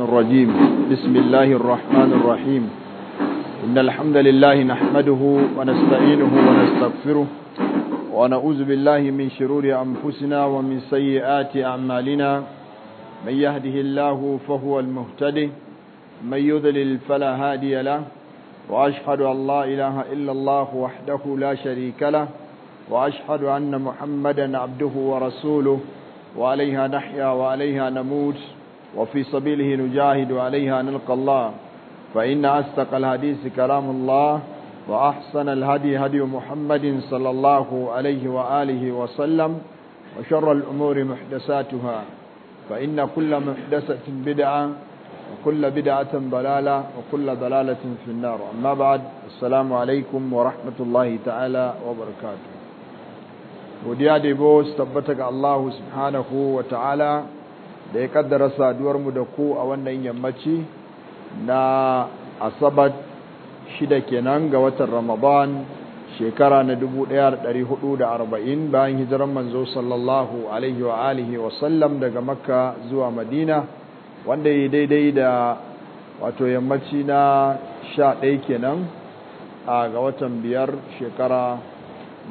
الرجيم بسم الله الرحمن الرحيم إن الحمد لله نحمده ونستعينه ونستغفره ونعوذ بالله من شرور أنفسنا ومن سيئات أعمالنا من يهده الله فهو المهتدي من يذلل فلا هادي له وأشهد أن لا إله إلا الله وحده لا شريك له وأشهد أن محمدا عبده ورسوله وعليها نحيا وعليها نموت وفي سبيله نجاهد عليها نلقى الله فإن أصدق الحديث كلام الله وأحسن الهدي هدي محمد صلى الله عليه وآله وسلم وشر الأمور محدثاتها فإن كل محدثة بدعة وكل بدعة ضلالة وكل ضلالة في النار أما بعد السلام عليكم ورحمة الله تعالى وبركاته وديا بوس تبتك الله سبحانه وتعالى da ya kaddara saduwarmu da ku a wannan yammaci na asabar shida kenan ga watan ramadan shekara na 1440 bayan hijiran manzo sallallahu alaihi wa alihi wa sallam daga makka zuwa madina wanda ya daidai da wato yammaci na sha 11 kenan a ga watan biyar shekara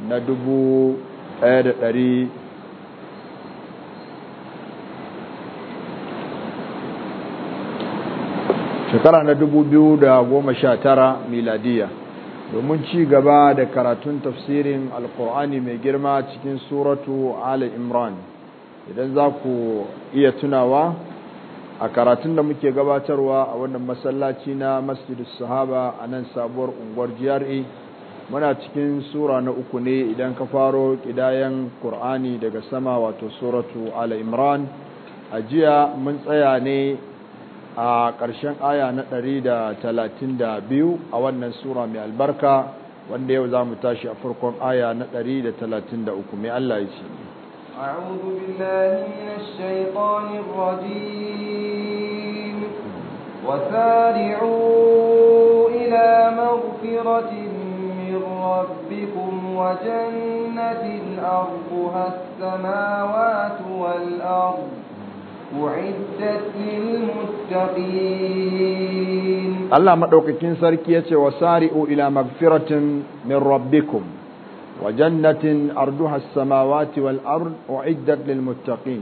na 1400 shekara na dubu biyu da goma sha 2019 miladiya domin ci gaba da karatun tafsirin alkur'ani mai girma cikin suratu ali imran idan za ku iya tunawa a karatun da muke gabatarwa a wannan masallaci na masjidus sahaba a nan sabuwar unguwar GRA e, muna cikin sura na uku ne idan ka faro kidayen kur'ani daga sama wato suratu ali imran a jiya mun tsaya ne a ƙarshen aya na 132 a wannan sura mai albarka wanda yau za mu tashi a farkon aya na 133 mai Allah ya ce أعوذ بالله من الشيطان الرجيم وسارعوا إلى مغفرة من ربكم وجنة أرضها السماوات والأرض Allah أعدت للمتقين الله ila سركي وسارئوا إلى مغفرة من ربكم وجنة أرضها السماوات wa أعدت mutaƙin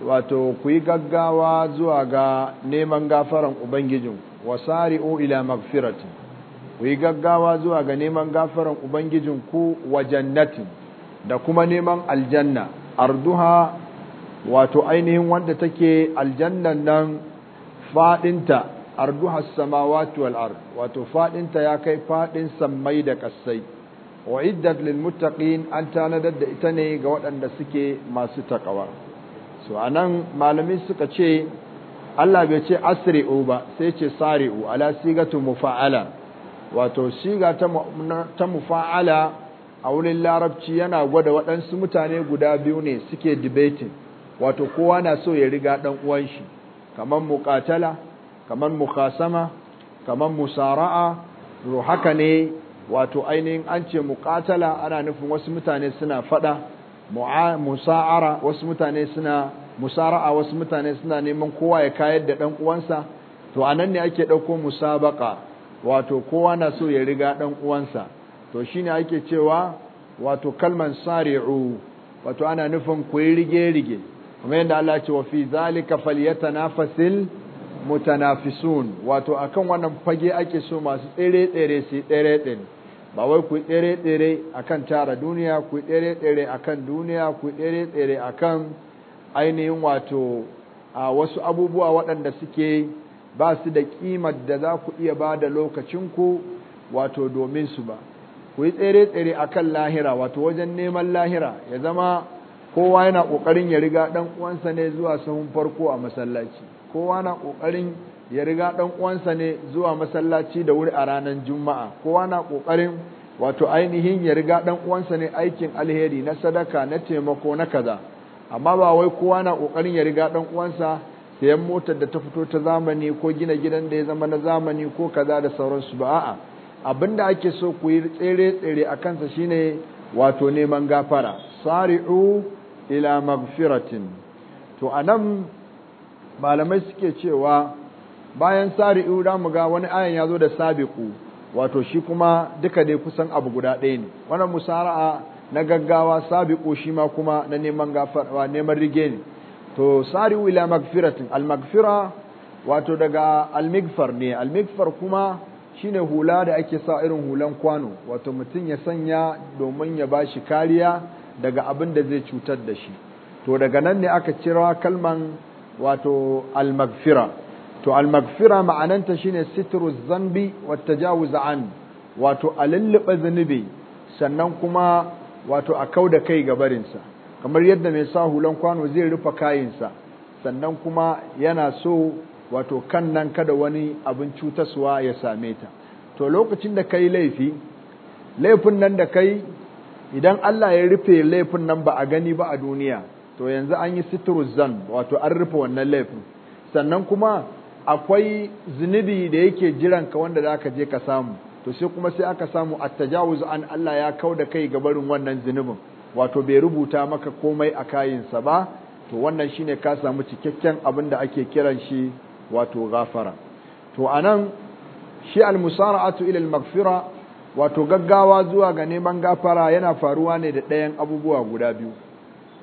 wato ku yi gaggawa zuwa ga neman gafaran ubangijin wa sari’o ila magfiratin ku yi gaggawa zuwa ga neman gafaran ubangijin ku wa jannatin da kuma neman aljanna arduha wato ainihin wanda take aljannan nan fadinta arduha samawati wal ard wato fadinta ya kai fadin sammai da kassai iddat lil muttaqin an tanadar da ita ne ga waɗanda suke masu takawa so anan malami suka ce Allah bai ce asri'u ba sai ce sari'u ala sigatu mufa'ala wato siga ta mufa'ala a wurin larabci yana gwada waɗansu mutane guda biyu ne suke debating wato kowa na so ya riga dan uwan shi kaman muqatala kaman mukhasama kaman musara'a to haka ne wato ainihin an ce muqatala ana nufin wasu mutane suna fada musa'ara wasu mutane suna musara'a wasu mutane suna neman kowa ya kayar da dan uwansa to anan ne ake dauko musabaka wato kowa na so ya riga dan uwansa to shine ake cewa wato kalman sari'u wato ana nufin ku rige rige kuma yadda Allah ce wa fi zalika falyatanafasil mutanafisun wato akan wannan fage ake so masu tsere tsere su tsere tsere ba wai ku tsere tsere akan tara duniya ku tsere tsere akan duniya ku tsere tsere akan ainihin wato a wasu abubuwa waɗanda suke ba su da kimar da za ku iya ba da lokacinku wato domin su ba ku yi tsere tsere akan lahira wato wajen neman lahira ya zama kowa yana kokarin ya riga dan uwansa ne zuwa sahun farko a masallaci kowa na kokarin ya riga dan uwansa ne zuwa masallaci da wuri a ranar juma'a kowa na kokarin wato ainihin ya riga dan uwansa ne aikin alheri na sadaka na taimako na kaza amma ba wai kowa na kokarin ya riga ɗan uwansa sayan motar da ta fito ta zamani ko gina gidan da ya zama na zamani ko kaza da sauransu ba a'a da ake so ku yi tsere tsere a kansa shine wato neman gafara sari'u ila magfiratin to anan malamai suke cewa bayan sari'u da mu ga wani ayan yazo da sabiqu wato shi kuma duka dai kusan abu guda ɗaya ne wannan musara'a na gaggawa sabiqu shi ma kuma na neman gafara neman rige ne to sari'u ila magfiratin al magfira wato daga almigfar ne almigfar kuma shine hula da ake sa irin hulan kwano wato mutum ya sanya domin ya bashi kariya daga abin da zai cutar da shi to daga nan ne aka cira kalman wato almagfira to almagfira ma'ananta shine sitru zanbi wa tajawuz an wato alulluba zunubi sannan kuma wato a kauda kai ga barinsa kamar yadda mai sa hulan kwano zai rufe kayinsa sannan kuma yana so wato kan nan kada wani abin cutaswa ya same ta to lokacin da kai laifi laifin nan da kai idan Allah ya rufe laifin nan ba a gani ba a duniya to yanzu an yi sitru zan wato an rufe wannan laifin sannan kuma akwai zunubi da yake jiran ka wanda za ka je ka samu to sai kuma sai aka samu a tajawuz an Allah ya kau da kai ga barin wannan zunubin wato bai rubuta maka komai a kayinsa ba to wannan shine ka samu cikakken abin da ake kiran shi wato gafara to anan shi al-musara'atu ila al-maghfira wato gaggawa zuwa ga neman gafara yana faruwa ne da ɗayan abubuwa guda biyu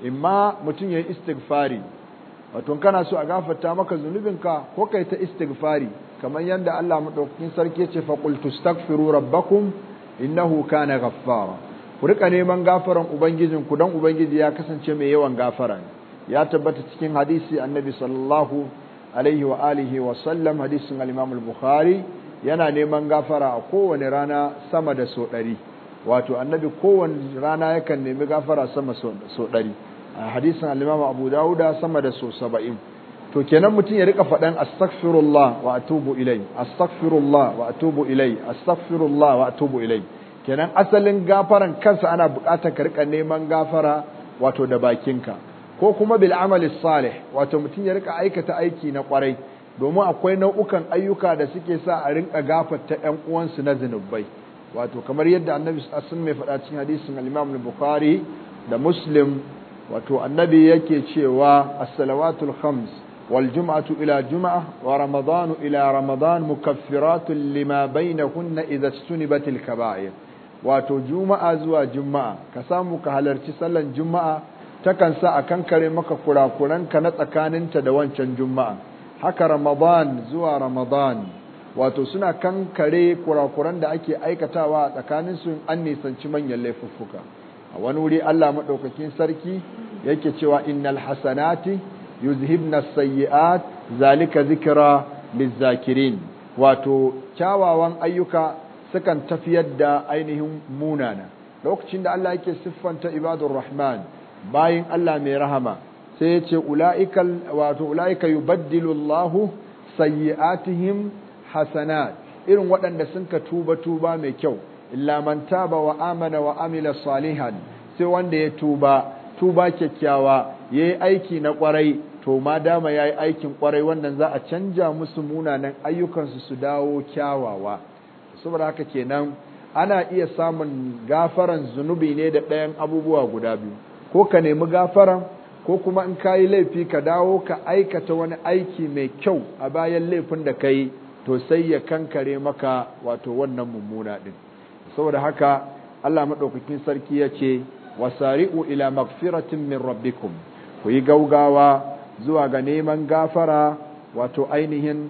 imma mutum ya yi istighfari wato kana so a gafarta maka zunubinka ko kai ta istighfari kamar yadda Allah madaukakin sarki ce fa qul tastaghfiru rabbakum innahu kana ghaffara ku rika neman gafaran ubangijin ku dan ubangiji ya kasance mai yawan gafara ya tabbata cikin hadisi annabi sallallahu alaihi wa alihi wa sallam hadisin al-Imam bukhari yana neman gafara a kowane rana sama da so ɗari wato annabi kowane rana yakan nemi gafara sama so ɗari a hadisin alimama abu dawuda sama da so saba'in to kenan mutum ya rika faɗan astaghfirullah wa atubu ilai astaghfirullah wa atubu ilai astaghfirullah wa atubu ilai kenan asalin gafaran kansa ana buƙatar ka rika neman gafara wato da bakinka ko kuma bil amali salih wato mutum ya rika aikata aiki na kwarai domin akwai nau'ukan ayyuka da suke sa a rinka gafarta ƴan uwansu na zinubai wato kamar yadda annabi sun mai faɗa cikin hadisin al-Imam bukhari da Muslim wato annabi yake cewa as-salawatul khams wal jum'atu ila jum'ah wa ramadanu ila ramadan mukaffiratun lima bainahunna idza sunibatil kaba'ir wato juma'a zuwa juma'a ka samu ka halarci sallan juma'a takan sa a kankare maka kurakuranka na tsakaninta da wancan juma'a haka ramadan zuwa ramadan wato suna kankare kurakuran da ake aikatawa tsakanin tsakaninsu an nisanci manyan laifuffuka a wani wuri Allah madaukakin sarki yake cewa innal hasanati yuzhibna sayyi'at zalika zikira lizzakirin wato kyawawan ayyuka sukan tafiyar da ainihin munana lokacin da Allah yake siffanta ibadur rahman bayin Allah mai rahama sai ya ce ula'ika yubaddilu Allahu sayyi'atihim hasanat irin waɗanda sun ka tuba tuba mai kyau illa ba wa amana wa amila salihan sai wanda ya tuba tuba kyakkyawa ya yi aiki na kwarai to ma dama ya yi aikin kwarai wannan za a canja musu munanan ayyukansu su dawo kyawawa saboda haka kenan ana iya samun gafaran zunubi ne da ɗayan abubuwa guda biyu ko ka nemi gafaran ko kuma in ka yi laifi ka dawo ka aikata wani aiki mai kyau a bayan laifin da ka yi to sai ya kankare maka wato wannan mummuna din saboda haka Allah maɗaukakin sarki ya ce wasari'u ila magfiratin min rabbikum ku yi gaugawa zuwa ga neman gafara wato ainihin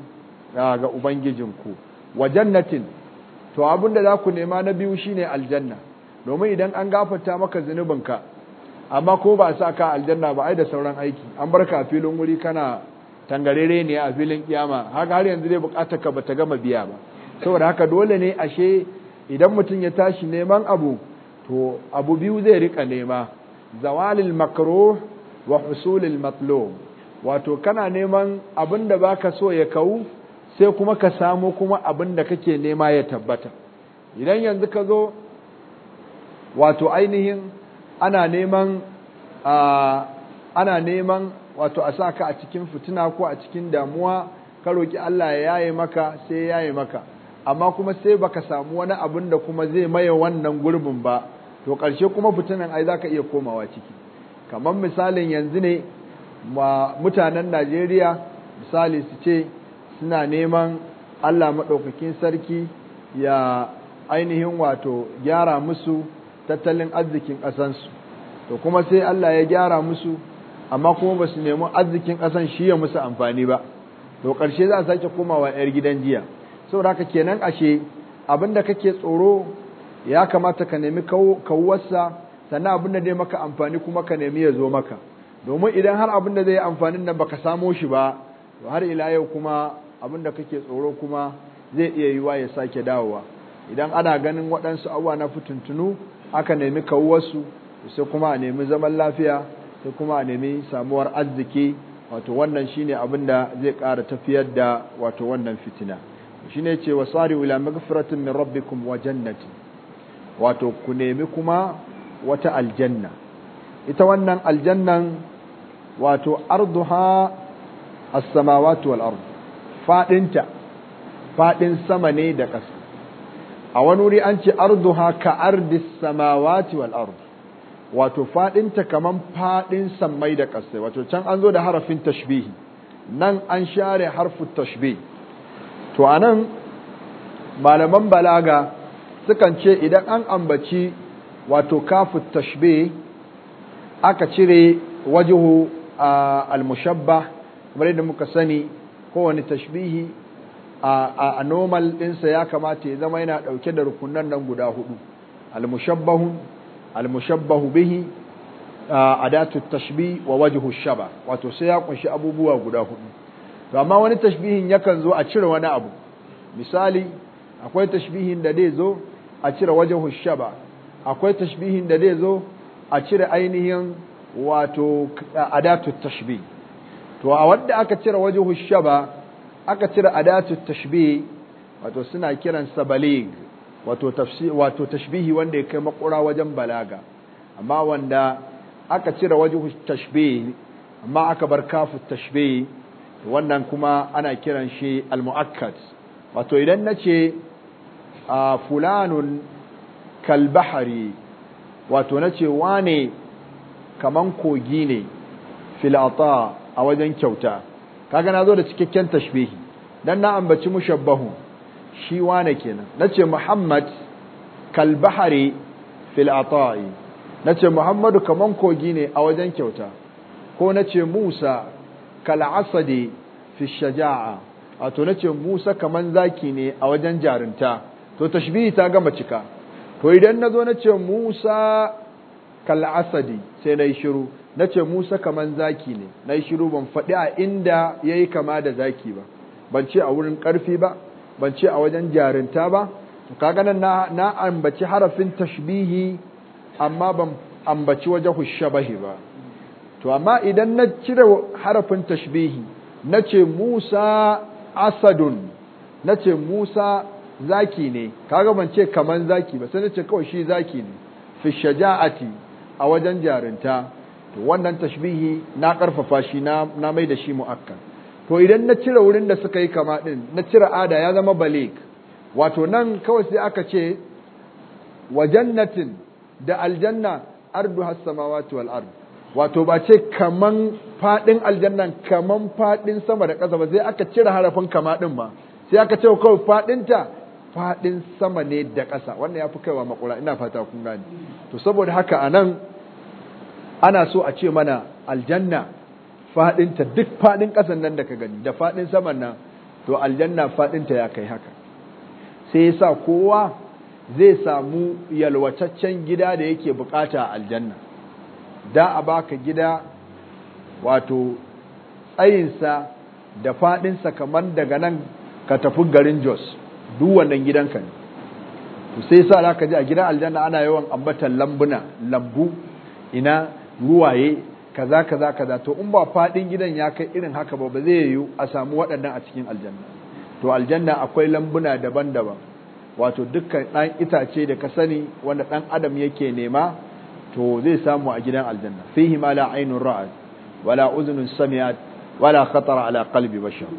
ga ubangijinku wa jannatin to abin da za ku nema na biyu shine aljanna domin idan an gafarta maka zunubinka amma ko ba a sa ka aljanna ba ai da sauran aiki an barka a filin wuri kana tangarere ne a filin kiyama haka har yanzu dai bukatar ka bata gama biya ba saboda haka dole ne ashe idan mutum ya tashi neman abu to abu biyu zai rika nema zawalil makruh wa husulil matlub wato kana neman abin da baka so ya kawu sai kuma ka samu kuma abin da kake nema ya tabbata idan yanzu ka zo wato ainihin ana neman ana neman wato a saka a cikin fitina ko a cikin damuwa ka roki Allah ya yaye maka sai ya yaye maka amma kuma sai baka samu wani abin da kuma zai maye wannan gurbin ba to ƙarshe kuma fitinan ai zaka iya komawa ciki kamar misalin yanzu ne mutanen Najeriya misali su ce suna neman Allah maɗaukakin sarki ya ainihin wato gyara musu tattalin arzikin ƙasansu to kuma sai Allah ya gyara musu amma kuma ba su nemi arzikin ƙasan shi ya musu amfani ba to ƙarshe za a sake komawa 'yar gidan jiya saboda haka kenan ashe abinda kake tsoro ya kamata ka nemi kawuwarsa sannan abinda da zai maka amfani kuma ka nemi ya zo maka domin idan har abin zai yi amfanin nan baka samo shi ba to har ila yau kuma abinda kake tsoro kuma zai iya yiwa ya sake dawowa idan ana ganin waɗansu abuwa na fitintunu aka nemi kawuwarsu sai kuma a nemi zaman lafiya sai kuma a nemi samuwar arziki wato wannan shi ne abin da zai ƙara tafiyar da wato wannan fitina ne ce wasari ila magfiratin min rabbikum wa jannati wato ku nemi kuma wata aljanna ita wannan aljannan wato arduha as-samawati wal ard fadinta fadin sama ne da ƙasa a wani wuri an ce arduha ka ardi samawati wal ardu wato fadinta kaman fadin sammai da kasai wato can an zo da harafin tashbihi nan an share harfu tashbih to anan malaman balaga sukan ce idan an ambaci wato kafu tashbih aka cire wajihu al-mushabbah kamar yadda muka sani kowane tashbihi a normal ɗinsa ya kamata ya zama yana ɗauke da rukunan nan guda hudu al-mushabbahu al-mushabbahu bihi adatu tashbih wa wajhu shaba wato sai ya kunshi abubuwa guda hudu to amma wani tashbihin yakan zo a cire wani abu misali akwai tashbihin da zai zo a cire wajhu shaba akwai tashbihin da zai zo a cire ainihin wato adatu tashbih to a wanda aka cire wajhu shaba aka cire adatu tashbih wato suna kiransa balig wato tafsir wato tashbihi wanda ya kai makura wajen balaga amma wanda aka cire wajen tashbih amma aka bar kafu tashbih wannan kuma ana kiran shi al-mu'akkad wato idan nace fulanun kal bahri wato nace wane kaman kogi ne filata a wajen kyauta kaga na zo da cikakken tashbihi dan na ambaci mushabbahu shi wane kenan nace muhammad kal bahri fil ata'i nace muhammadu kaman kogi ne a wajen kyauta ko nace musa kal asadi fi shaja'a wato nace musa kaman zaki ne a wajen jarinta to tashbihi ta gama cika to idan nazo nace musa kal asadi sai nayi shiru nace Musa kaman zaki ne na yi shiru ban faɗi a inda ya yi kama da zaki ba ban ce a wurin ƙarfi ba ban ce a wajen jarinta ba kaga nan na, na ambaci harafin tashbihi amma ban ambaci wajen hushabahi ba to amma idan na cire harafin tashbihi nace Musa asadun nace Musa zaki ne kaga ban ce kaman zaki ba sai na kawai shi zaki ne fi shaja'ati a wajen jarinta to wannan tashbihi na karfafa shi na mai da shi muakkad to idan na cire wurin da suka yi kama din na cire ada ya zama balik wato nan kawai sai aka ce wa jannatin da aljanna Ardu as-samawati wal ard wato ba ce kaman fadin aljannan kaman fadin sama da kasa ba sai aka cire harafin kama din ba sai aka ce kawai fadinta fadin sama ne da ƙasa wannan ya fi kaiwa makura ina fata kun gane to saboda haka anan ana so a ce mana aljanna fadinta duk fadin kasan nan da ka gani da faɗin saman nan to aljanna faɗinta ya kai haka sai ya sa kowa zai samu yalwataccen gida da yake bukata a aljanna da a baka gida wato tsayinsa da fadinsa kamar daga nan ka tafi garin Jos duk wannan gidanka ne to sai yasa ka ji a gidan aljanna ana yawan ambatan lambuna lambu ina ruwaye kaza kaza kaza to in ba fadin gidan ya kai irin haka ba ba zai yiwu a samu waɗannan a cikin aljanna to aljanna akwai lambuna daban-daban wato dukkan ɗan itace da ka sani wanda ɗan adam yake nema to zai samu a gidan aljanna fihi ma la ainun ra'at wala uzunun sami'at wala khatara ala qalbi bashar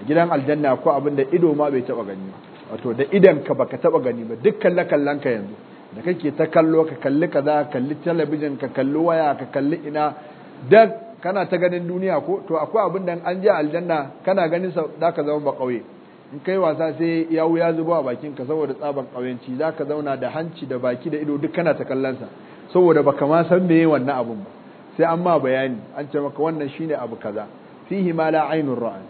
a gidan aljanna akwai abin da ido ma bai taba gani ba wato da idan ka baka taba gani ba dukkan lakallanka yanzu da kake ta kallo ka kalli kaza ka kalli talabijin ka kalli waya ka kalli ina duk kana ta ganin duniya ko to akwai abin da an je aljanna kana ganin sa zaka zama ba kauye in kai wasa sai yawu ya zubo a bakin ka saboda tsaban kauyenci zaka zauna da hanci da baki da ido duk kana ta kallon sa saboda baka ma san meye wannan abun ba sai an ma bayani an ce maka wannan shine abu kaza fihi ma la ainun ra'an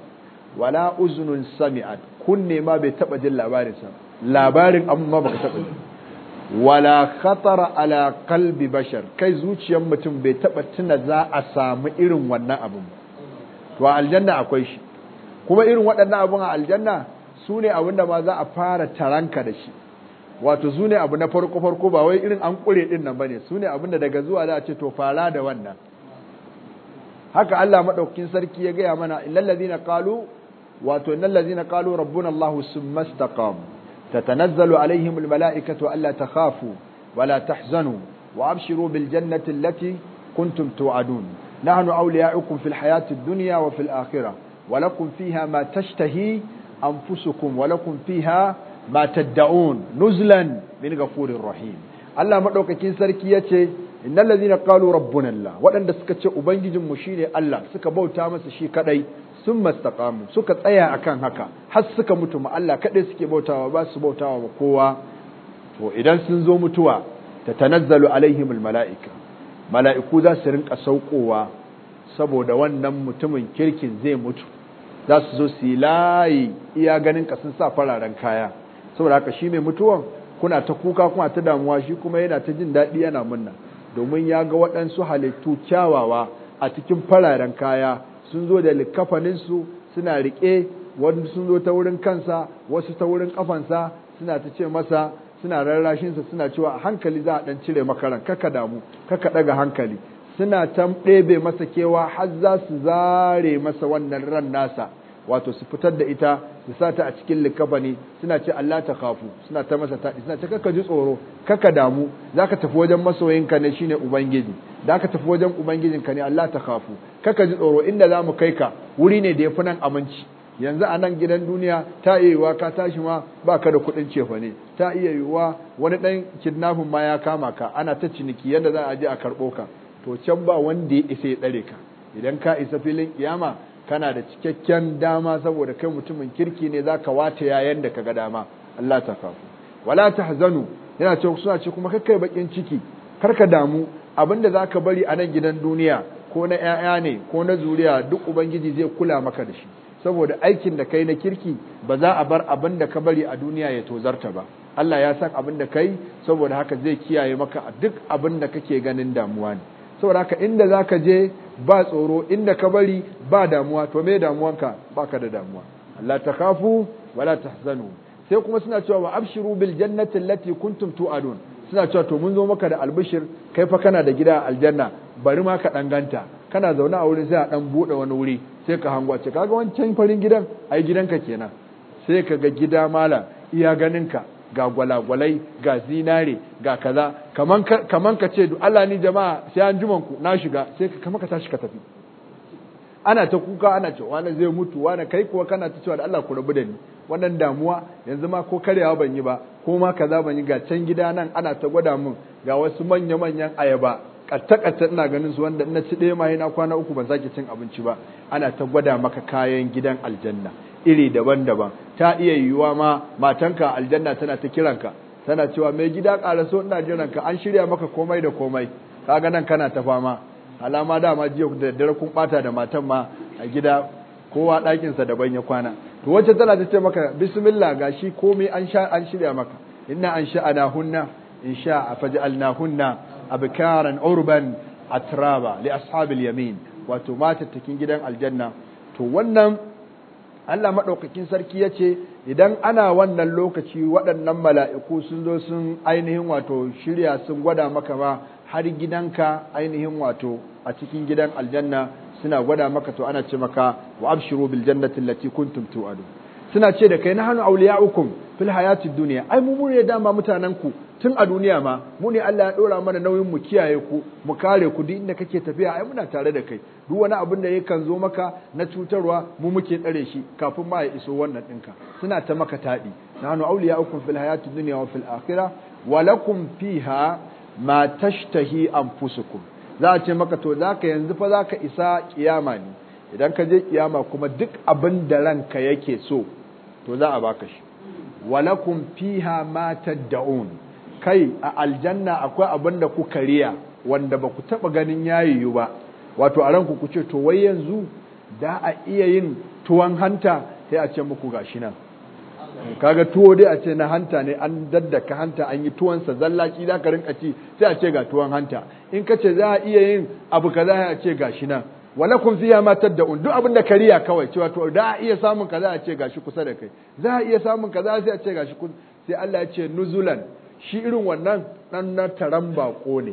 wala uzunun sami'at kunne ma bai taba jin labarin sa labarin amma baka taba jin wala khatara ala kalbi bashar kai zuciyar mutum bai taba tuna za a samu irin wannan abin to a aljanna akwai shi kuma irin waɗannan abin a aljanna su ne abin da ma za a fara taranka da shi wato su abu na farko farko ba wai irin an kure din nan bane su ne abin da daga zuwa za a ce to fara da wannan haka Allah madaukakin sarki ya gaya mana illal ladina qalu wato innal ladina qalu rabbuna Allah summa تتنزل عليهم الملائكة ألا تخافوا ولا تحزنوا وأبشروا بالجنة التي كنتم توعدون نحن أولياؤكم في الحياة الدنيا وفي الآخرة ولكم فيها ما تشتهي أنفسكم ولكم فيها ما تدعون نزلا من غفور رحيم ألا مدوك كين سركية إن الذين قالوا ربنا الله وأن suka ce Ubangijinmu الله ne Allah, suka bauta sun mastakamu suka tsaya akan haka har suka mutu ma Allah kaɗai suke bautawa ba su bautawa ba kowa to idan sun zo mutuwa ta tanazzalu alaihimul mala'ika mala'iku za su rinka saukowa saboda wannan mutumin kirkin zai mutu za su zo su yi layi iya ganin ka sun sa fararen kaya saboda haka shi mai mutuwan kuna ta kuka kuna ta damuwa shi kuma yana ta jin daɗi yana munna domin ya ga waɗansu halittu kyawawa a cikin fararen kaya sun zo da likafaninsu suna riƙe wani sun zo ta wurin kansa wasu ta wurin kafansa suna ta ce masa suna rarrashinsa suna cewa a hankali za a ɗan cire makaran kaka damu kaka ɗaga hankali suna ta masa kewa har za su zare masa wannan ran nasa wato su fitar da ita su sa ta a cikin likafani suna ce Allah ta kafu suna ta masa taɗi suna ce kaka ji tsoro kaka damu zaka tafi wajen masoyin ka ne shine ubangiji zaka tafi wajen ka ne Allah ta kafu kaka ji tsoro inda za mu kai ka wuri ne da ya fi nan aminci yanzu a nan gidan duniya ta iya yiwuwa ka tashi ma ba ka da kuɗin cefa ne ta iya yiwuwa wani ɗan kidnapping ma ya kama ka ana ta ciniki yadda za a je a karɓo ka to can ba wanda ya isa ya tsare ka idan ka isa filin kiyama kana da cikakken dama saboda kai mutumin kirki ne za ka wata ya'yan da ka ga dama Allah ta kafu wala ta hazanu yana ce suna ce kuma kakkai bakin ciki karka damu abinda ka bari a nan gidan duniya ko na 'ya'ya ne ko na zuriya duk ubangiji zai kula maka da shi saboda aikin da kai na kirki ba za a bar abin da ka bari a duniya ya tozarta ba Allah ya san abin da kai saboda haka zai kiyaye maka duk abin da kake ganin damuwa ne saboda haka inda za ka je ba tsoro inda ka bari ba damuwa to me damuwanka baka da damuwa Allah ta kafu wala tahzanu sai kuma suna cewa wa abshiru bil jannati allati kuntum tu'adun suna cewa to mun zo maka da albishir kai fa kana da gida aljanna bari ma ka danganta kana zaune a wurin sai a dan bude wani wuri sai ka hango ce kaga wancan farin gidan ai gidanka kenan sai ka ga gida mala iya ganinka ga gwalagwalai ga zinare ga kaza kaman ka kaman ka ce Allah ni jama'a sai an juman ku na shiga sai ka kaman ka tashi ka tafi ana ta kuka ana ce wani zai mutu wani kai kuwa kana ta cewa da Allah ku rabu da ni wannan damuwa yanzu ma ko karyawa ban yi ba ko ma kaza ban yi ga can gida nan ana ta gwada mun ga wasu manya manyan ayaba katta katta ina ganin su wanda ina ci ɗaya ma na kwana uku ban sake cin abinci ba ana ta gwada maka kayan gidan aljanna iri daban-daban ta iya yiwuwa ma matanka aljanna tana ta kiranka tana cewa mai gida ƙara ina jiran an shirya maka komai da komai kaga nan kana ta fama alama dama jiya da dare kun bata da matan ma a gida kowa ɗakinsa daban ya kwana to wacce tana ta ce maka bismillah gashi komai an sha an shirya maka inna an sha ana hunna in sha a faji alnahunna abkaran urban atraba li ashabil yamin wato matattakin gidan aljanna to wannan Allah madaukakin sarki ya ce idan ana wannan lokaci waɗannan mala'iku sun zo sun ainihin wato shirya sun gwada maka ba har gidanka ainihin wato a cikin gidan aljanna suna gwada maka to ana ce maka wa abshiru bil jannati allati kuntum tu'adu suna ce da kai na hannu auliya'ukum fil hayatid duniya ai mu mure dama mutanen ku tun a duniya ma mu ne Allah ya dora mana nauyin mu kiyaye ku mu kare ku duk inda kake tafiya ai muna tare da kai duk wani abin da kan zo maka na cutarwa mu muke tsare shi kafin ma ya iso wannan dinka suna ta maka tadi nahnu awliya'ukum fil hayatid dunya wa fil akhirah wa lakum fiha ma tashtahi anfusukum za ce maka to zaka yanzu fa zaka isa kiyama ne idan ka je kiyama kuma duk abin da ranka yake so to za a baka shi wa lakum fiha ma tad'un kai a aljanna akwai abin da kuka riya wanda ba ku taɓa ganin yayiyu ba wato a ranku ku ce to wai yanzu da a iya yin tuwon hanta sai a ce muku gashi nan kaga tuwo dai a ce na hanta ne an daddaka hanta an yi sa zallaki za ka rinka ci sai a ce ga tuwon hanta in ka ce za a iya yin abu kaza a ce gashi nan walakum fiya ma tad'un duk abin da kariya kawai cewa to da a iya samun kaza a ce gashi kusa da kai za a iya samun kaza sai a ce gashi sai Allah ya ce nuzulan shi irin wannan ɗan na taron bako ne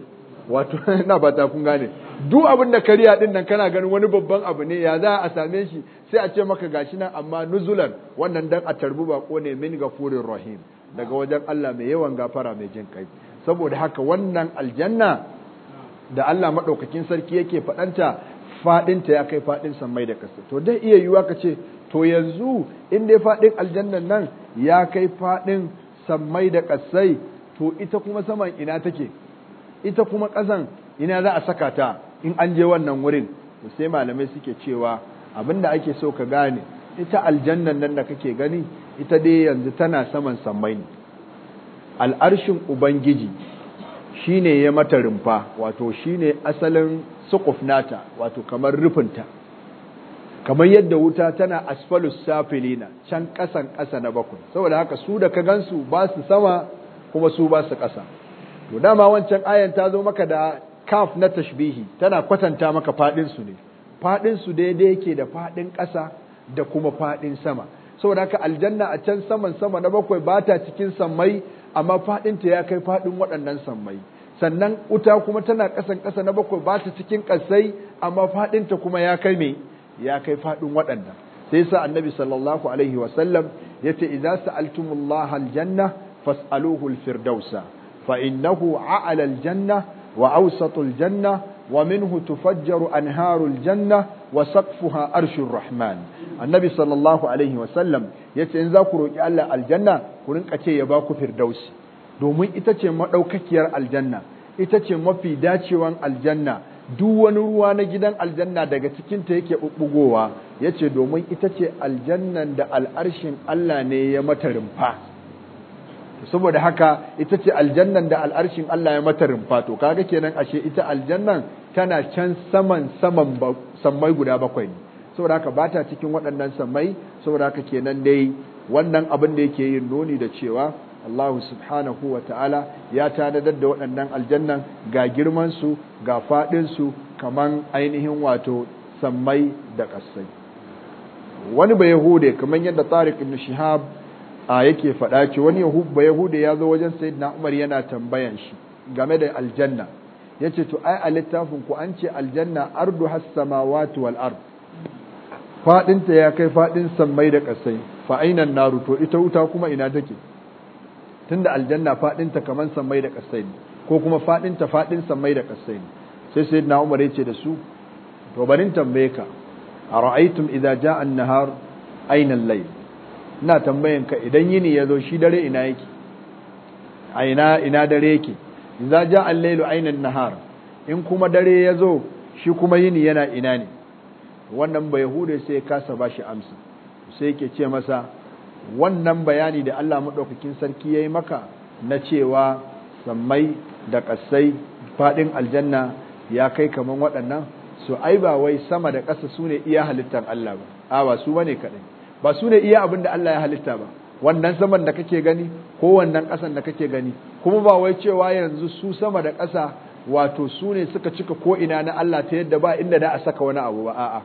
wato na ba ta kun gane duk abin da kariya din nan kana ganin wani babban abu ne ya za a same shi sai a ce maka gashi nan amma nuzulan wannan dan a tarbu bako ne min gafurin rahim daga wajen Allah mai yawan gafara mai jin kai saboda haka wannan aljanna da Allah madaukakin sarki yake faɗanta faɗinta ya kai fadin samai da kasa to dai iya yiwa ka ce to yanzu in dai faɗin aljannan nan ya kai faɗin samai da kasai to ita kuma saman ina take ita kuma ƙasan ina za a saka ta in an je wannan wurin to sai malamai suke cewa abinda ake so ka gane ita aljannan nan da kake gani ita dai yanzu tana saman samai ne al'arshin ubangiji shine ya mata rumfa wato shine asalin suquf nata wato kamar rufinta kamar yadda wuta tana asfalus safilina can kasan kasa na bakwai saboda haka su da ka gansu ba su sama kuma su ba su ƙasa to dama wancan ayan ta zo maka da kaf na tashbihi tana kwatanta maka faɗin su ne faɗin su daidai yake da faɗin ƙasa da kuma faɗin sama saboda haka aljanna a can saman sama na bakwai ba ta cikin sammai amma faɗin ta ya kai faɗin waɗannan sammai sannan wuta kuma tana ƙasan ƙasa na bakwai ba ta cikin ƙasai amma faɗin ta kuma ya kai me ya kai faɗin waɗannan sai sa annabi sallallahu alaihi wasallam ya ce idza sa'altumullaha aljanna فاسألوه الفردوس فإنه أعلى الجنة وأوسط الجنة ومنه تفجر أنهار الجنة وسقفها أرش الرحمن النبي صلى الله عليه وسلم yace in za ku roƙi Allah aljanna ku rinka ce ya ba ku firdausi domin ita ce maɗaukakiyar aljanna ita ce mafi dacewan aljanna duk wani ruwa na gidan aljanna daga cikinta yake ɓuɓɓugowa yace domin ita ce aljannan da al'arshin Allah ne ya mata rimfa. saboda haka ita ce aljannan da al'arshin Allah ya mata rumfa to kaga kenan ashe ita aljannan tana can saman saman sammai guda bakwai ne saboda haka ba ta cikin waɗannan sammai saboda haka kenan dai wannan abin da yake yin noni da cewa Allah subhanahu wa ta'ala ya tanadar da waɗannan aljannan ga girman su ga faɗin su kaman ainihin wato sammai da ƙasai wani ba hude kaman yadda Tariq ibn Shihab a yake faɗa ce wani yahubba yahuda ya zo wajen sayyidina umar yana tambayan shi game da aljanna ya ce to ai a littafin ku an ce aljanna ardu has samawati wal ard fadinta ya kai fadin sammai da kasai fa ainan naru to ita wuta kuma ina take tunda aljanna faɗinta kaman sammai da kasai ne ko kuma fadinta fadin sammai da kasai ne sai sayyidina umar ya ce da su to barin tambaye ka ara'aytum idza ja'a an-nahar aina al-layl ina tambayan ka idan yini ya zo shi dare ina yake a ina dare yake za ja al-lailu aina an-nahar in kuma dare ya zo shi kuma yini yana ina ne wannan ba yahude sai kasa bashi amsa sai yake ce masa wannan bayani da Allah madaukakin sarki yayi maka na cewa sammai da ƙasai faɗin aljanna ya kai kaman waɗannan so ai ba wai sama da ƙasa sune iya halittar Allah ba a ba su bane kaɗai. ba su ne iya abin da Allah ya halitta ba wannan saman da kake gani ko wannan ƙasan da kake gani kuma ba wai cewa yanzu su sama da ƙasa wato su ne suka cika ko ina na Allah ta yadda ba inda da a saka wani abu ba a'a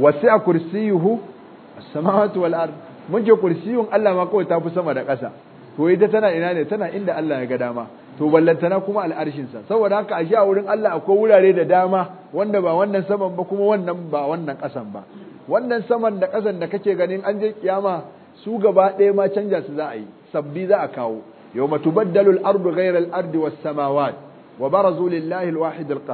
wasi'a kursiyuhu as-samawati wal ard mun je kursiyun Allah ma kawai ta fi sama da ƙasa to ita tana ina ne tana inda Allah ya ga dama to ballantana kuma al'arshinsa saboda haka a a wurin Allah akwai wurare da dama wanda ba wannan saman ba kuma wannan ba wannan ƙasan ba wannan saman da kasan da kake ganin an je kiyama su gaba ɗaya ma canja su za a yi sabbi za a kawo yawma tubaddalu al-ardu ghayra al-ardi was-samawat wa barazu lillahi al-wahid al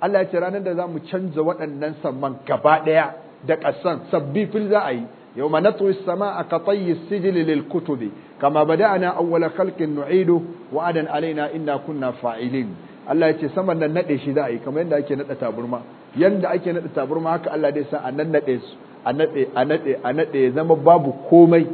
Allah ya ce ranar da zamu canza waɗannan saman gaba ɗaya da ƙasan sabbi fil za a yi yawma natwi as-samaa ka tayyi as-sijli lil-kutubi kama bada'na awwala khalqin nu'idu wa adan alaina inna kunna fa'ilin Allah ya ce saman nan naɗe shi za a yi kamar yadda ake nada taburma yanda ake naɗa tabarma haka Allah dai sa a nannade su a nade a nade a nade ya zama babu komai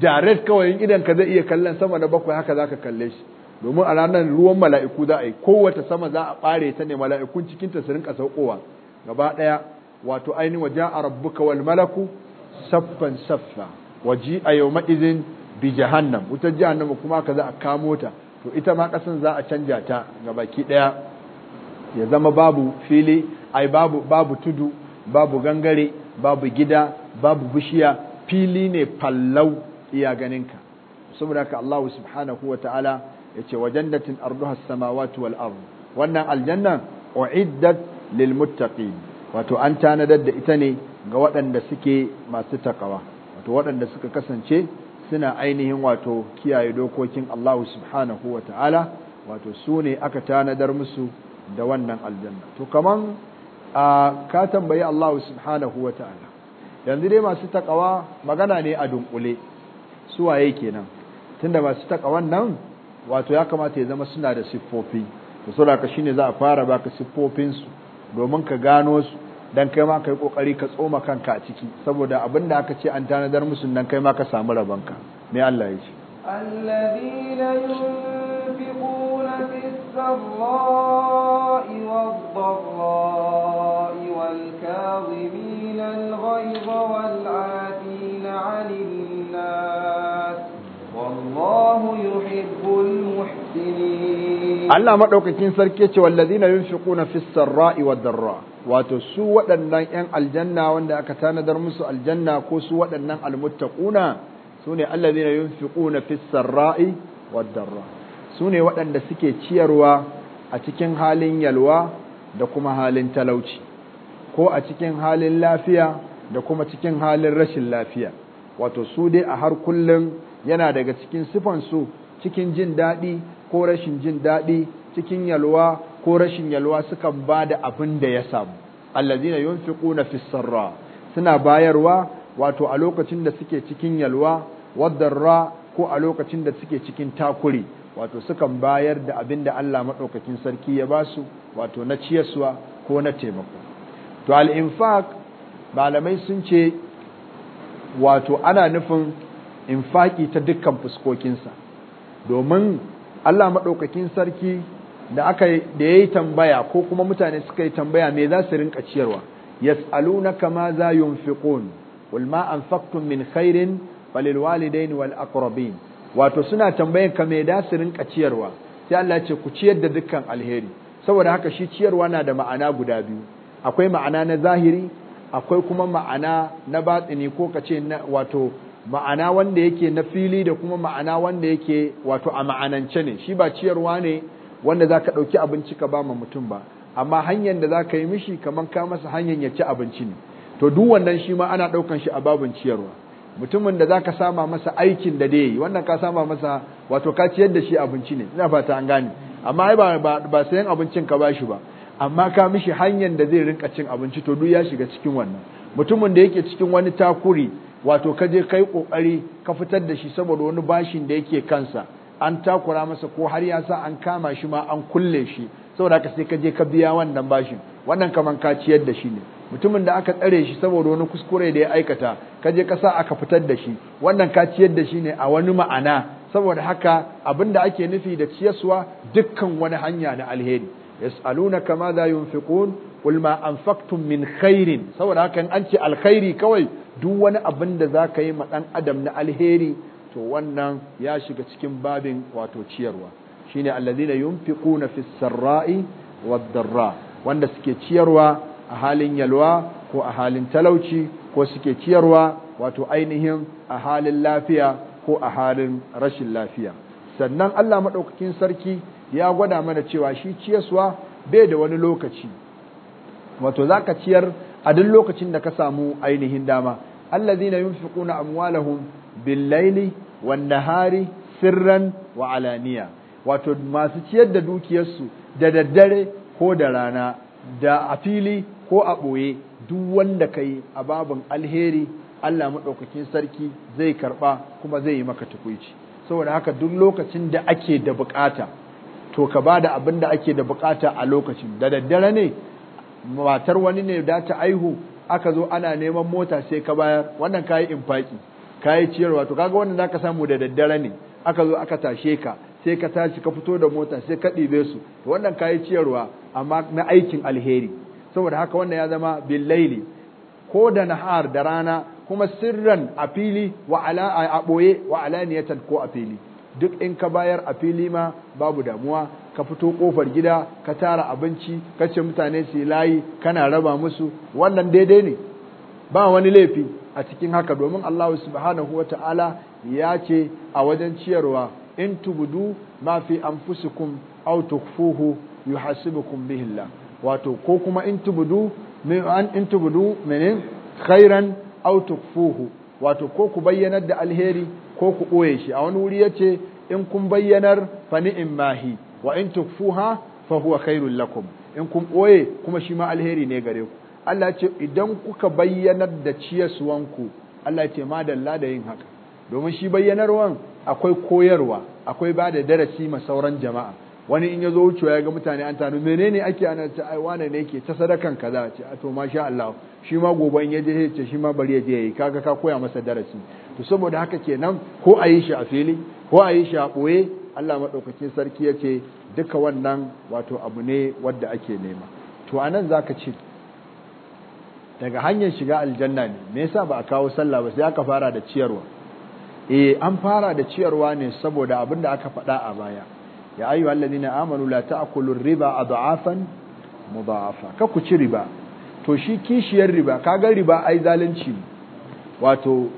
direct kawai in idan ka zai iya kallon sama na bakwai haka zaka kalle shi domin a ranar ruwan mala'iku za a yi kowace sama za a ɓare ta ne mala'ikun cikin ta su rinka saukowa gaba daya wato ainihin waje a rabbuka wal malaku saffan saffa waji a yau ma'izin bi jahannam wutar jahannama kuma ka za a kamo ta to ita ma kasan za a canja ta ga baki ɗaya. ya zama babu fili ai babu babu tudu babu gangare babu gida babu bishiya fili ne fallau iya ganinka saboda haka Allah subhanahu wa ta'ala ya ce wa jannatin arduha samawati wal ard wannan aljanna uiddat lil muttaqin wato an tanadar da ita ne ga waɗanda suke masu takawa wato waɗanda suka kasance suna ainihin wato kiyaye dokokin Allah subhanahu wa ta'ala wato su ne aka tanadar musu da wannan aljanna to kaman ka tambayi Allah subhanahu ta'ala yanzu dai masu takawa magana ne a dunkule su waye kenan tunda masu takawan nan wato ya kamata ya zama suna da siffofi to saboda ka shine za a fara baka siffofin su domin ka gano su dan kai ma kai kokari ka tsoma kanka a ciki saboda abin da aka ce an tanadar musu nan kai ma ka samu rabanka me Allah ya ce alladhina السراء والضراء والكاظمين الغيظ والعافين عن الناس والله يحب المحسنين الله مدوكين سركي ce wallazina yunfiquna wato su waɗannan 'yan aljanna wanda aka tanadar musu aljanna ko su waɗannan almuttaquna sune allazina yunfiquna fis sarai wad darra su ne waɗanda suke ciyarwa a cikin halin yalwa da kuma halin talauci ko a cikin halin lafiya da kuma cikin halin rashin lafiya wato su dai a har kullum yana daga cikin sifansu cikin jin daɗi ko rashin jin daɗi cikin yalwa ko rashin yalwa sukan ba da abin da ya samu allazina yunfiquna fis sarra suna bayarwa wato a lokacin da suke cikin yalwa ra ko a lokacin da suke cikin takuri wato sukan bayar da abin da Allah maɗaukakin sarki ya ba su wato na ciyaswa ko na taimako to al malamai sun ce wato ana nufin infaki ta dukkan fuskokinsa domin Allah maɗaukakin sarki da aka da yayi tambaya ko kuma mutane suka yi tambaya mai za su rinka ciyarwa yas'alunaka kama za yi wal ma min khairin falil walidain wal aqrabin wato suna tambayan ka me da su rinka ciyarwa sai Allah ce ku ciyar da dukkan alheri saboda haka shi ciyarwa na da ma'ana guda biyu akwai ma'ana na zahiri akwai kuma ma'ana na batsini ko ka ce wato ma'ana wanda yake na fili da kuma ma'ana wanda yake wato a ma'anance ne shi ba ciyarwa ne wanda zaka dauki abinci ka ba ma mutum ba amma hanyar da zaka yi mishi kaman ka masa hanyar ya ci abinci ne to duk wannan shi ma ana daukan shi a babun ciyarwa mutumin da zaka sama masa aikin da dai wannan ka sama masa wato ka ciyar da shi abinci ne ina fata an gane amma ai ba ba sayan abincin ka bashi ba amma ka mishi hanyar da zai rinka cin abinci to duk ya shiga cikin wannan mutumin da yake cikin wani takuri wato ka je kai kokari ka fitar da shi saboda wani bashin da yake kansa an takura masa ko har ya sa an kama shi ma an kulle shi saboda haka sai ka je ka biya wannan bashin wannan kaman ka ciyar da shi ne mutumin da aka tsare shi saboda wani kuskure da ya aikata ka je ka sa aka fitar da shi wannan ka ciyar da shi ne a wani ma'ana saboda haka abin da ake nufi da ciyaswa dukkan wani hanya na alheri yasaluna kama za yunfiqun qul ma anfaqtum min khairin saboda haka an ce alkhairi kawai duk wani abin da zaka yi ma dan adam na alheri to wannan ya shiga cikin babin wato ciyarwa shine allazina yunfiquna fis sarra'i wad darra wanda suke ciyarwa a halin yalwa ko a halin talauci ko suke ciyarwa wato ainihin a halin lafiya ko a halin rashin lafiya sannan Allah madaukakin sarki ya gwada mana cewa shi ciyaswa bai da wani lokaci wato zaka ciyar a duk lokacin da ka samu ainihin dama alladhina yunfiquna amwalahum bil-laili wan-nahari sirran wa alaniya wato masu ciyar da dukiyarsu da daddare ko da rana da a fili ko a ɓoye duk wanda ka yi a babin alheri Allah maɗaukakin sarki zai karɓa kuma zai yi maka tukuici saboda haka duk lokacin da ake da bukata to ka ba da abin da ake da bukata a lokacin da daddare ne matar wani ne da ta aihu aka zo ana neman mota sai ka bayar wannan ka kayi infaki kayi ciyarwa to kaga wannan ka samu da daddare ne aka zo aka tashe ka sai ka tashi ka fito da mota sai ka ɗibe su to wannan kayi ciyarwa amma na aikin alheri saboda haka wannan ya zama billaili ko da nahar da rana kuma sirran a fili wa ala a ɓoye wa alaniyatan ko a fili duk in ka bayar a fili ma babu damuwa ka fito kofar gida ka tara abinci ka ce mutane su layi kana raba musu wannan daidai ne ba wani laifi a cikin haka domin Allah subhanahu wa ta'ala ya ce a wajen ciyarwa in tubudu ma fi anfusikum aw tukfuhu yuhasibukum bihi Allah wato ko kuma in tubudu an in tubudu mene khairan aw tukfuhu wato ko ku bayyanar da alheri ko ku boye shi a wani wuri yace in kun bayyanar fa ni'im mahi wa in tukfuha fa huwa khairul lakum in kun boye kuma shi ma alheri ne gare ku Allah ce idan kuka bayyanar da ciyaswanku Allah ce ma dalla da yin haka domin shi bayyanarwan akwai koyarwa akwai ba da darasi ma sauran jama'a wani in ya zo wucewa ya ga mutane an tanu menene ake ana ta ai wane ne yake ta sadakan kaza ce a to masha Allah shi ma gobe in ya je ce shi ma bari ya je yayi kaga ka koya masa darasi to saboda haka kenan ko a yi shi a fili ko a yi shi a boye Allah madaukakin sarki ya ce duka wannan wato abu ne wanda ake nema to anan zaka ce daga hanyar shiga aljanna ne me yasa ba a kawo sallah ba sai aka fara da ciyarwa eh an fara da ciyarwa ne saboda abin da aka faɗa a baya ya ayyu allazina amanu la ta'kulu riba adafan mudafa ka ku ci riba to shi kishiyar riba kaga riba ai zalunci wato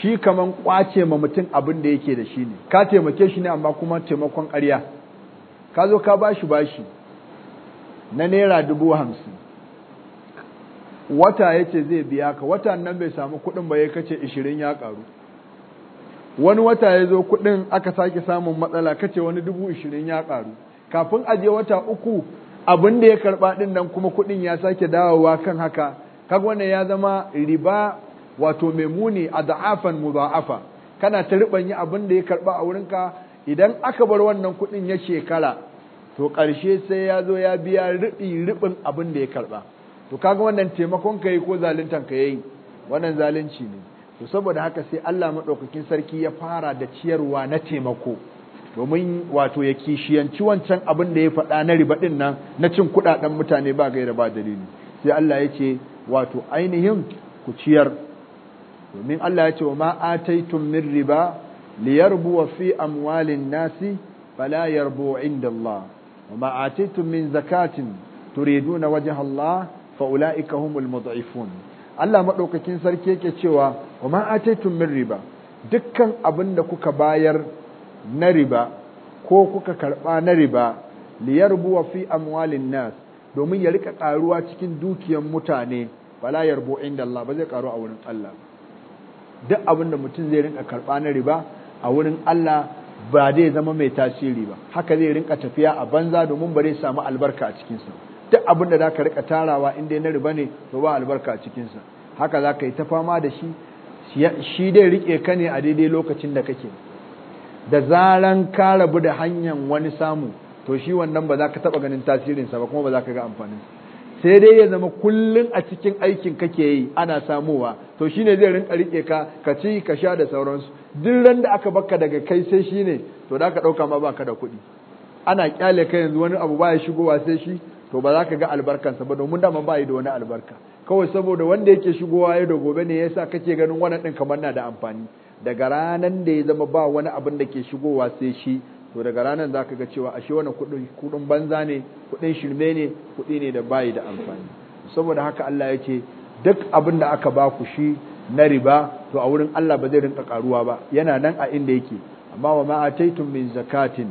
shi kaman kwace ma mutum abin da yake da shi ne ka taimake shi ne amma kuma taimakon ƙarya ka zo ka bashi bashi na naira dubu hamsin wata yace zai biya ka watan nan bai samu kuɗin ba ya kace ishirin ya ƙaru wani wata ya zo kuɗin aka sake samun matsala kace wani dubu ishirin ya karu kafin a je wata uku abin da ya karɓa ɗin nan kuma kuɗin ya sake dawowa kan haka kaga wannan ya zama riba wato mai muni a da'afan mudha'afa kana ta riɓanyi abin da ya karɓa a wurinka idan aka bar wannan kuɗin ya shekara to karshe sai ya zo ya biya riɓi riɓin abin da ya karɓa to kaga wannan taimakon ka yi ko zaluntan ka yayi wannan zalunci ne to saboda haka sai Allah madaukakin sarki ya fara da ciyarwa na taimako domin wato ya kishiyanci wancan abin da ya faɗa na riba din nan na cin kuɗaɗen mutane ba gaira ba dalili sai Allah ya ce wato ainihin ku ciyar domin Allah ya ce wa ma ataitum min riba liyarbu fi amwalin nasi fala yarbu inda Allah wa ma ataitum min zakatin turiduna wajha Allah fa ulaika humul mud'ifun Allah madaukakin sarki yake cewa wa ma ataitum min riba dukkan abin da kuka bayar na riba ko kuka karba na riba liyarbuwa fi amwalin nas domin ya rika karuwa cikin dukiyar mutane bala yarbu inda Allah ba zai karu a wurin Allah duk abin da mutum zai rinka karba na riba a wurin Allah ba zai zama mai tasiri ba haka zai rinka tafiya a banza domin ba zai samu albarka a cikin sa duk abin da zaka rika tarawa inda dai na riba ne to ba albarka a cikin sa haka zaka yi ta fama da shi shi dai rike ka ne a daidai lokacin da kake da zaran ka rabu da hanyar wani samu to shi wannan ba za ka taba ganin tasirinsa ba kuma ba za ka ga amfanin sai dai ya zama kullum a cikin aikin kake yi ana samowa to shi ne zai rinka rike ka ka ci ka sha da sauransu duk ran da aka baka daga kai sai shi ne to da ka dauka ma baka da kuɗi ana kyale ka yanzu wani abu ba ya shigowa sai shi to ba za ka ga albarkansa ba domin dama ba yi da wani albarka kawai saboda wanda yake shigowa yau da gobe ne yasa kake ganin wannan din kamar na da amfani daga ranan da ya zama ba wani abin da ke shigowa sai shi to daga ranan zaka ga cewa ashe wannan kudin kudin banza ne kudin shirme ne kudi ne da bai da amfani saboda haka Allah ya ce duk abin da aka baku shi na riba to a wurin Allah ba zai rinka karuwa ba yana nan a inda yake amma wa ma ataitum min zakatin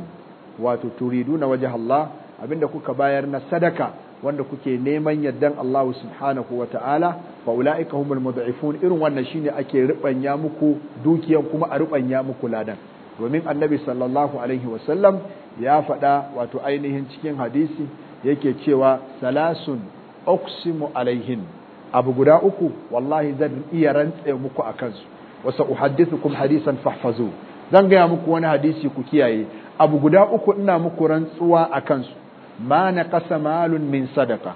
wato turiduna wajha Allah abinda kuka bayar na sadaka wanda kuke neman yardan Allah subhanahu wa ta'ala fa ula'ika humul mud'ifun irin wannan shine ake rubanya muku dukiyan kuma a rubanya muku ladan domin annabi sallallahu alaihi wa sallam ya faɗa wato ainihin cikin hadisi yake cewa salasun oksimu alaihin abu guda uku wallahi zan iya rantse muku akan su haddisi sa'uhaddithukum hadisan fahfazu zan gaya muku wani hadisi ku kiyaye abu guda uku ina muku rantsuwa a kansu. ma kasa malun min sadaka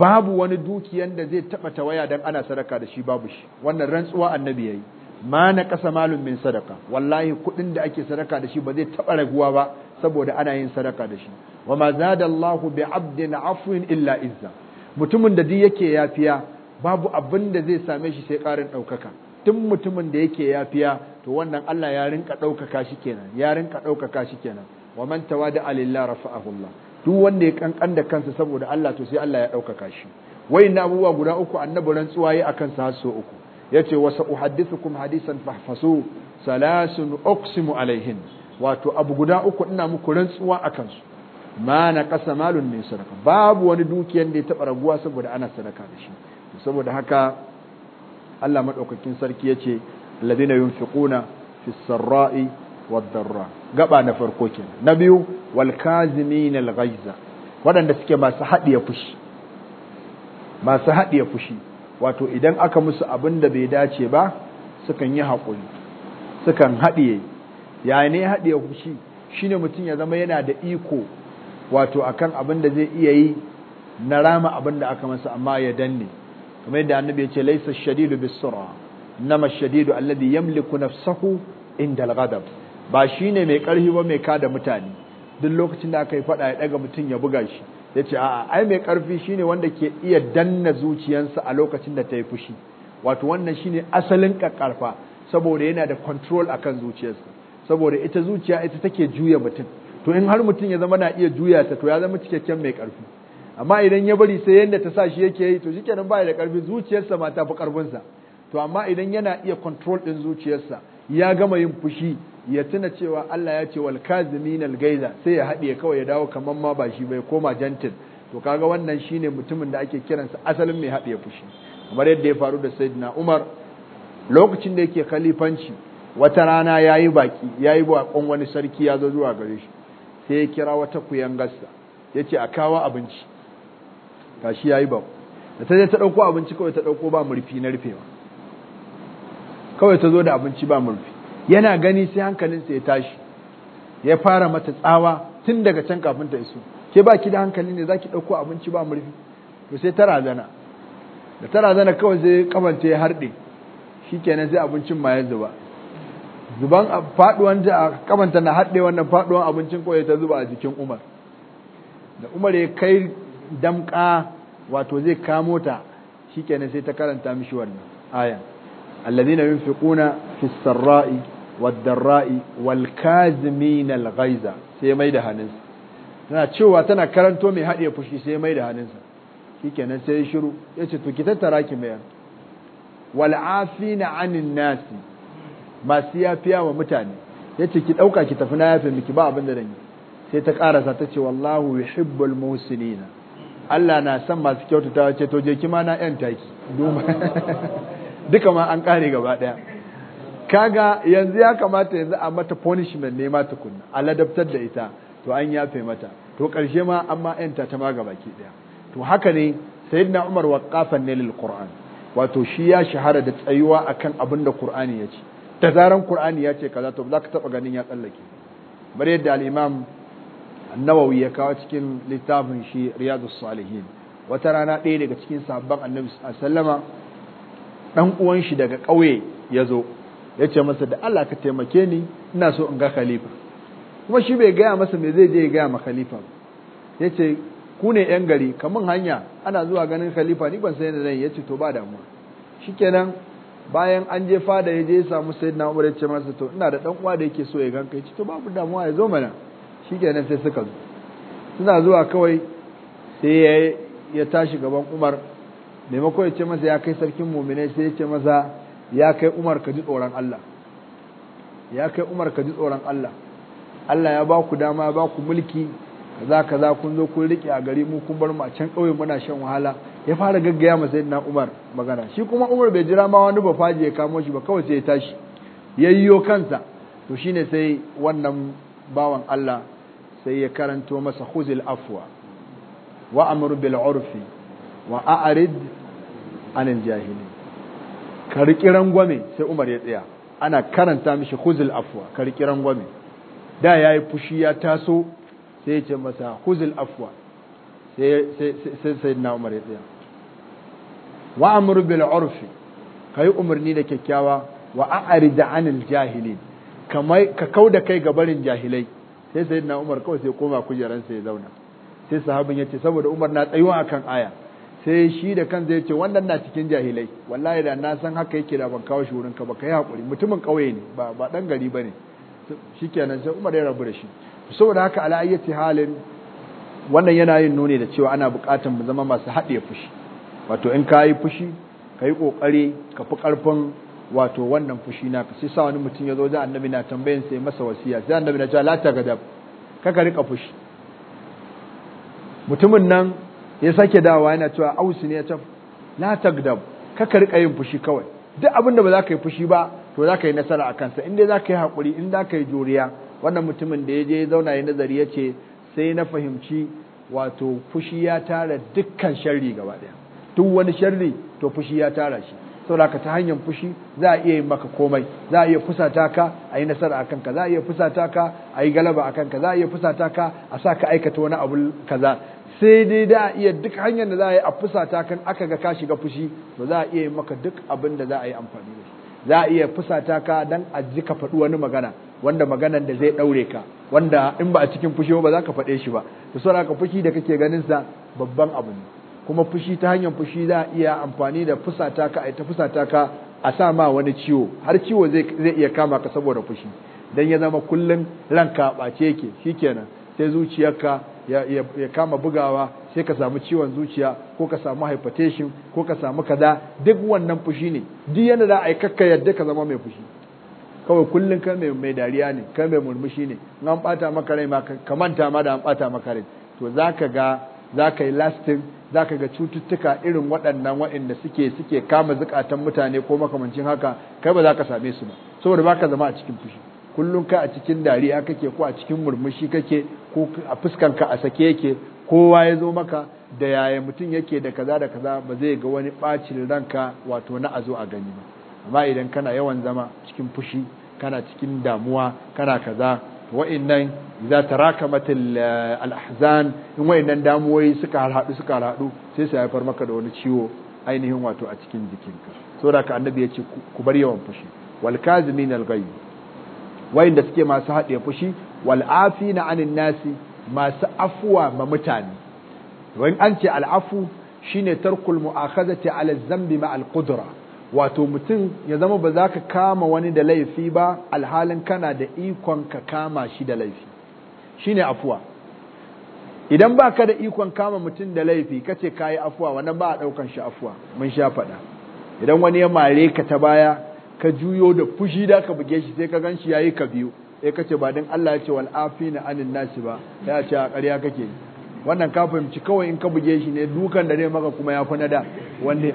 babu wani dukiyan da zai taba waya dan ana sadaka da shi babu shi wannan rantsuwa annabi yayi ma kasa malun min sadaka wallahi kudin da ake sadaka da shi ba zai taba raguwa ba saboda ana yin sadaka da shi wa ma da Allahu bi 'abdin 'afwin illa izza mutumin da duk yake yafiya babu abin da zai same shi sai karin ɗaukaka tun mutumin da yake yafiya to wannan Allah ya rinka daukaka shi kenan ya rinka daukaka shi kenan wa man tawada alillahi rafa'ahu Allah duk wanda ya kankan da kansa saboda Allah to sai Allah ya ɗaukaka shi wayin abubuwa guda uku annabi rantsuwa yi akan sa so uku yace wa uhaddithukum hadisan fahfasu salasun uqsimu alaihin wato abu guda uku ina muku rantsuwa akan su ma na kasa malun min sadaka babu wani dukiyan da ya taba raguwa saboda ana sadaka da shi saboda haka Allah madaukakin sarki yace alladhina yunfiquna fis sarra'i wadarra gaba na farko ke na biyu wal kazimin al ghaiza waɗanda suke masu haɗiye fushi masu ya fushi wato idan aka musu abin da bai dace ba sukan yi haƙuri sukan haɗiye ya ne haɗiye fushi shine mutum ya zama yana da iko wato akan abin da zai iya yi na rama abin da aka masa amma ya danne kamar yadda annabi ya ce laisa shadidu bisura nama shadidu alladhi yamliku nafsahu inda al ba shi ne mai karfi ba mai kada mutane duk lokacin da aka yi fada ya daga mutum ya buga shi ya ce a'a ai mai karfi ne wanda ke iya danna zuciyarsa a lokacin da ta yi fushi wato wannan shi ne asalin kakkarfa saboda yana da control kan zuciyarsa saboda ita zuciya ita take juya mutum to in har mutum ya zama na iya juya ta to ya zama cikakken mai karfi amma idan ya bari sai yadda ta sa shi yake yi to shikenan ba da karfi zuciyarsa ma ta fi karfinsa to amma idan yana iya control din zuciyarsa ya gama yin fushi ya tuna cewa Allah ya ce wal kazimin al gaiza sai ya haɗe kawai ya dawo kaman ma ba shi bai koma jantin to kaga wannan shine mutumin da ake kiransa asalin mai haɗe fushi kamar yadda ya faru da sayyidina Umar lokacin da yake khalifanci wata rana yayi baki yayi kon wani sarki ya zo zuwa gare shi sai ya kira wata kuyangarsa yace a kawo abinci gashi yayi ba da ta je ta dauko abinci kawai ta dauko ba murfi na rufewa kawai ta zo da abinci ba murfi yana gani sai hankalinsa ya tashi ya fara mata tsawa tun daga can kafin ta iso ke ba ki da hankali ne zaki dauko abinci ba murfi to sai ta razana da ta razana kawai sai kamance ya shi kenan sai abincin ma ya zuba zuban faduwan da kamanta na harde wannan faduwan abincin kawai ta zuba a jikin Umar da Umar ya kai damka wato zai kamo ta kenan sai ta karanta mishi wannan ayan alladhina yunfiquna fis sarra'i waddarra'i wal kazimin al ghaiza sai mai da hannunsa tana cewa tana karanto mai haɗe fushi sai mai da hannunsa shikenan sai shiru yace to ki tattara ki mai wal afina anin nasi masu yafiya wa mutane yace ki dauka ki tafi na yafe miki ba abin da dani sai ta karasa ta ce wallahu yuhibbul musinina Allah na san masu kyautata ce to je ki ma na yan taki duka ma an kare gaba daya kaga yanzu ya kamata yanzu a mata punishment ne mata kunna a ladabtar da ita to an yafe mata to karshe ma amma yanta ta ma baki daya to haka ne sayyidina Umar waqafan ne lil Qur'an wato shi ya shahara da tsayuwa akan abin da Qur'ani ya ce da zaran Qur'ani ya ce kaza to za ka taba ganin ya tsallake bare yadda al-Imam An-Nawawi ya kawo cikin littafin shi Riyadus Salihin wata rana ɗaya daga cikin sahabban Annabi sallama dan uwan shi daga ƙauye ya zo ya ce masa da Allah ka taimake ni ina so in ga khalifa kuma shi bai gaya masa me zai je ya gaya ma khalifa ba ya ce ku ne yan gari kamar hanya ana zuwa ganin khalifa ni ban san yadda ya ce to ba damuwa shikenan bayan an je fada ya je ya samu sayyidina Umar ya ce masa to ina da dan uwa da yake so ya ganka ya ce to babu damuwa ya zo mana shikenan sai suka zo suna zuwa kawai sai ya tashi gaban Umar maimako ya ce masa ya kai sarkin mu'minai sai ya ce masa ya kai Umar ka ji tsoron Allah ya kai Umar ka ji tsoron Allah Allah ya ba ku dama ya ba ku mulki kaza kaza kun zo kun riƙe a gari mu kun bar mu a can kauye muna shan wahala ya fara gaggaya ma sayyidina Umar magana shi kuma Umar bai jira ma wani bafaji ya kamo shi ba kawai sai ya tashi yayyo kansa to shine sai wannan bawan Allah sai ya karanto masa khuzil afwa wa amru bil urfi wa a'rid anil jahilin karki gwame rangwame sai umar ya tsaya ana karanta mishi huzul afwa karki gwame rangwame da ya yi fushi ya taso sai ya ce masa huzul afwa sai sai na umar ya tsaya wa amru bil urfi kai umarni da kyakkyawa wa a'rid anil jahilin kamar ka kauda kai ga barin jahilai sai sayyidina umar kawai sai koma sai ya zauna sai sahabin yace saboda umar na tsayuwa akan aya sai shi da kan zai ce wannan na cikin jahilai wallahi da na san haka yake da ban kawo shi wurinka ba kai hakuri mutumin kauye ne ba ba dan gari bane shikenan sai Umar ya rabu da shi saboda haka ala ayyati halin wannan yana yin nuni da cewa ana buƙatar mu zama masu haɗe fushi wato in ka fushi ka yi ƙoƙari ka fi ƙarfin wato wannan fushi na ka sai sa wani mutum ya zo da annabi na tambayin sai masa wasiya sai annabi na ce la ta gadab kaka rika fushi mutumin nan ya sake dawa yana cewa ausu ne ya ce la tagdab ka ka rika yin fushi kawai duk abin da ba za ka yi fushi ba to za ka yi nasara a kansa inda dai za ka yi haƙuri inda ka yi juriya wannan mutumin da ya je zauna ya nazari ya ce sai na fahimci wato fushi ya tara dukkan sharri gaba ɗaya duk wani sharri to fushi ya tara shi saboda ka ta hanyar fushi za a iya yi maka komai za a iya fusata ka a yi nasara a kanka za a iya fusata ka a yi galaba a kanka za a iya fusata ka a sa ka aikata wani abu kaza sai dai da iya duk hanyar da za a yi a fusata kan aka ga ka shiga fushi to za a iya yi maka duk abin da za a yi amfani da shi za a iya fusata ka dan a ji ka faɗi wani magana wanda maganan da zai ɗaure ka wanda in ba a cikin fushi ba za ka faɗe shi ba to saboda ka fushi da kake ganin sa babban abu ne kuma fushi ta hanyar fushi za a iya amfani da fusata ka a ta fusata ka a sa ma wani ciwo har ciwo zai iya kama ka saboda fushi dan ya zama kullun ranka bace yake shikenan sai zuciyarka ya kama bugawa sai ka samu ciwon zuciya ko ka samu hypertension ko ka samu kaza duk wannan fushi ne duk yana da ai kakka yadda ka zama mai fushi kawai kullum ka mai dariya ne ka mai murmushi ne in an bata maka rai ma ka manta ma da an bata maka rai to zaka ga zaka yi lasting zaka ga cututtuka irin waɗannan waɗanda suke suke kama zukatan mutane ko makamancin haka kai ba za ka same su ba saboda baka zama a cikin fushi kullum ka a cikin dariya kake ko a cikin murmushi kake ko a fuskanka a sake yake kowa ya zo maka da yaya mutum yake da kaza da kaza ba zai ga wani bacin ranka wato na a zo a gani ba amma idan kana yawan zama cikin fushi kana cikin damuwa kana kaza wa'annan idza raka eh, al in wa'annan damuwoyi suka harhadu suka harhadu sai su haifar maka da wani ciwo ainihin wato a cikin jikinka saboda ka annabi ya ce ku bar yawan fushi wal kazimin al-ghayb wa'anda suke masu haɗe fushi wal afina anin nasi masu afuwa ma mutane wani an ce al'afu shine tarkul mu'akhazati ala zambi ma al'kudura wato mutum ya zama ba za ka kama wani da laifi ba alhalin kana da ikon ka kama shi da laifi shine afuwa idan ba ka da ikon kama mutum da laifi ka ce ka yi afuwa wani ba a ɗaukan shi afuwa mun sha faɗa idan wani ya mare ka ta baya ka juyo da fushi da ka buge shi sai ka gan shi ya yi ka biyu sai kace ba dan Allah ya ce wal afina anin nasi ba sai ya ce a ƙarya kake wannan ka fahimci kawai in ka buge shi ne dukan da zai maka kuma ya fi na da wanda ya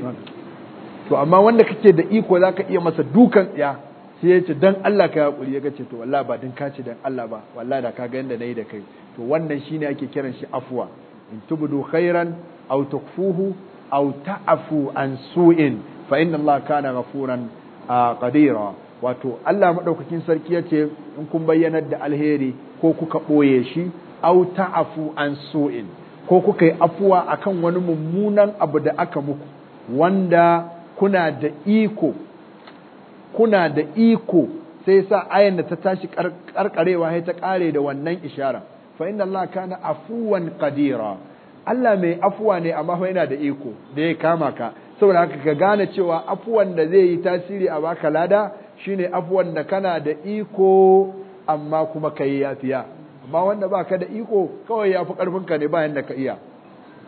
to amma wanda kake da iko zaka iya masa dukan ya sai ya ce dan Allah ka hakuri ya kace to wallahi ba dan ka ce dan Allah ba wallahi da ka ga yanda nayi da kai to wannan shine ake kiran shi afwa in tubdu khairan aw tukfuhu aw ta'fu an su'in fa inna Allah kana ghafuran ah, qadira wato Allah madaukakin sarki ya ce in kun bayyanar da alheri ko kuka boye shi aw ta'afu an su'in ko kuka yi afuwa akan wani mummunan abu da aka muku wanda kuna da iko kuna da iko sai sa ayan da ta tashi karkarewa sai ta kare da wannan ishara fa inna Allah kana afuwan qadira Allah mai afuwa ne amma fa yana da iko da ya kama ka saboda haka ka gane cewa afuwan da zai yi tasiri a baka lada shine afwan da kana da iko amma kuma kai yafiya amma wanda baka da iko kawai yafi karfin ka ne bayan da ka iya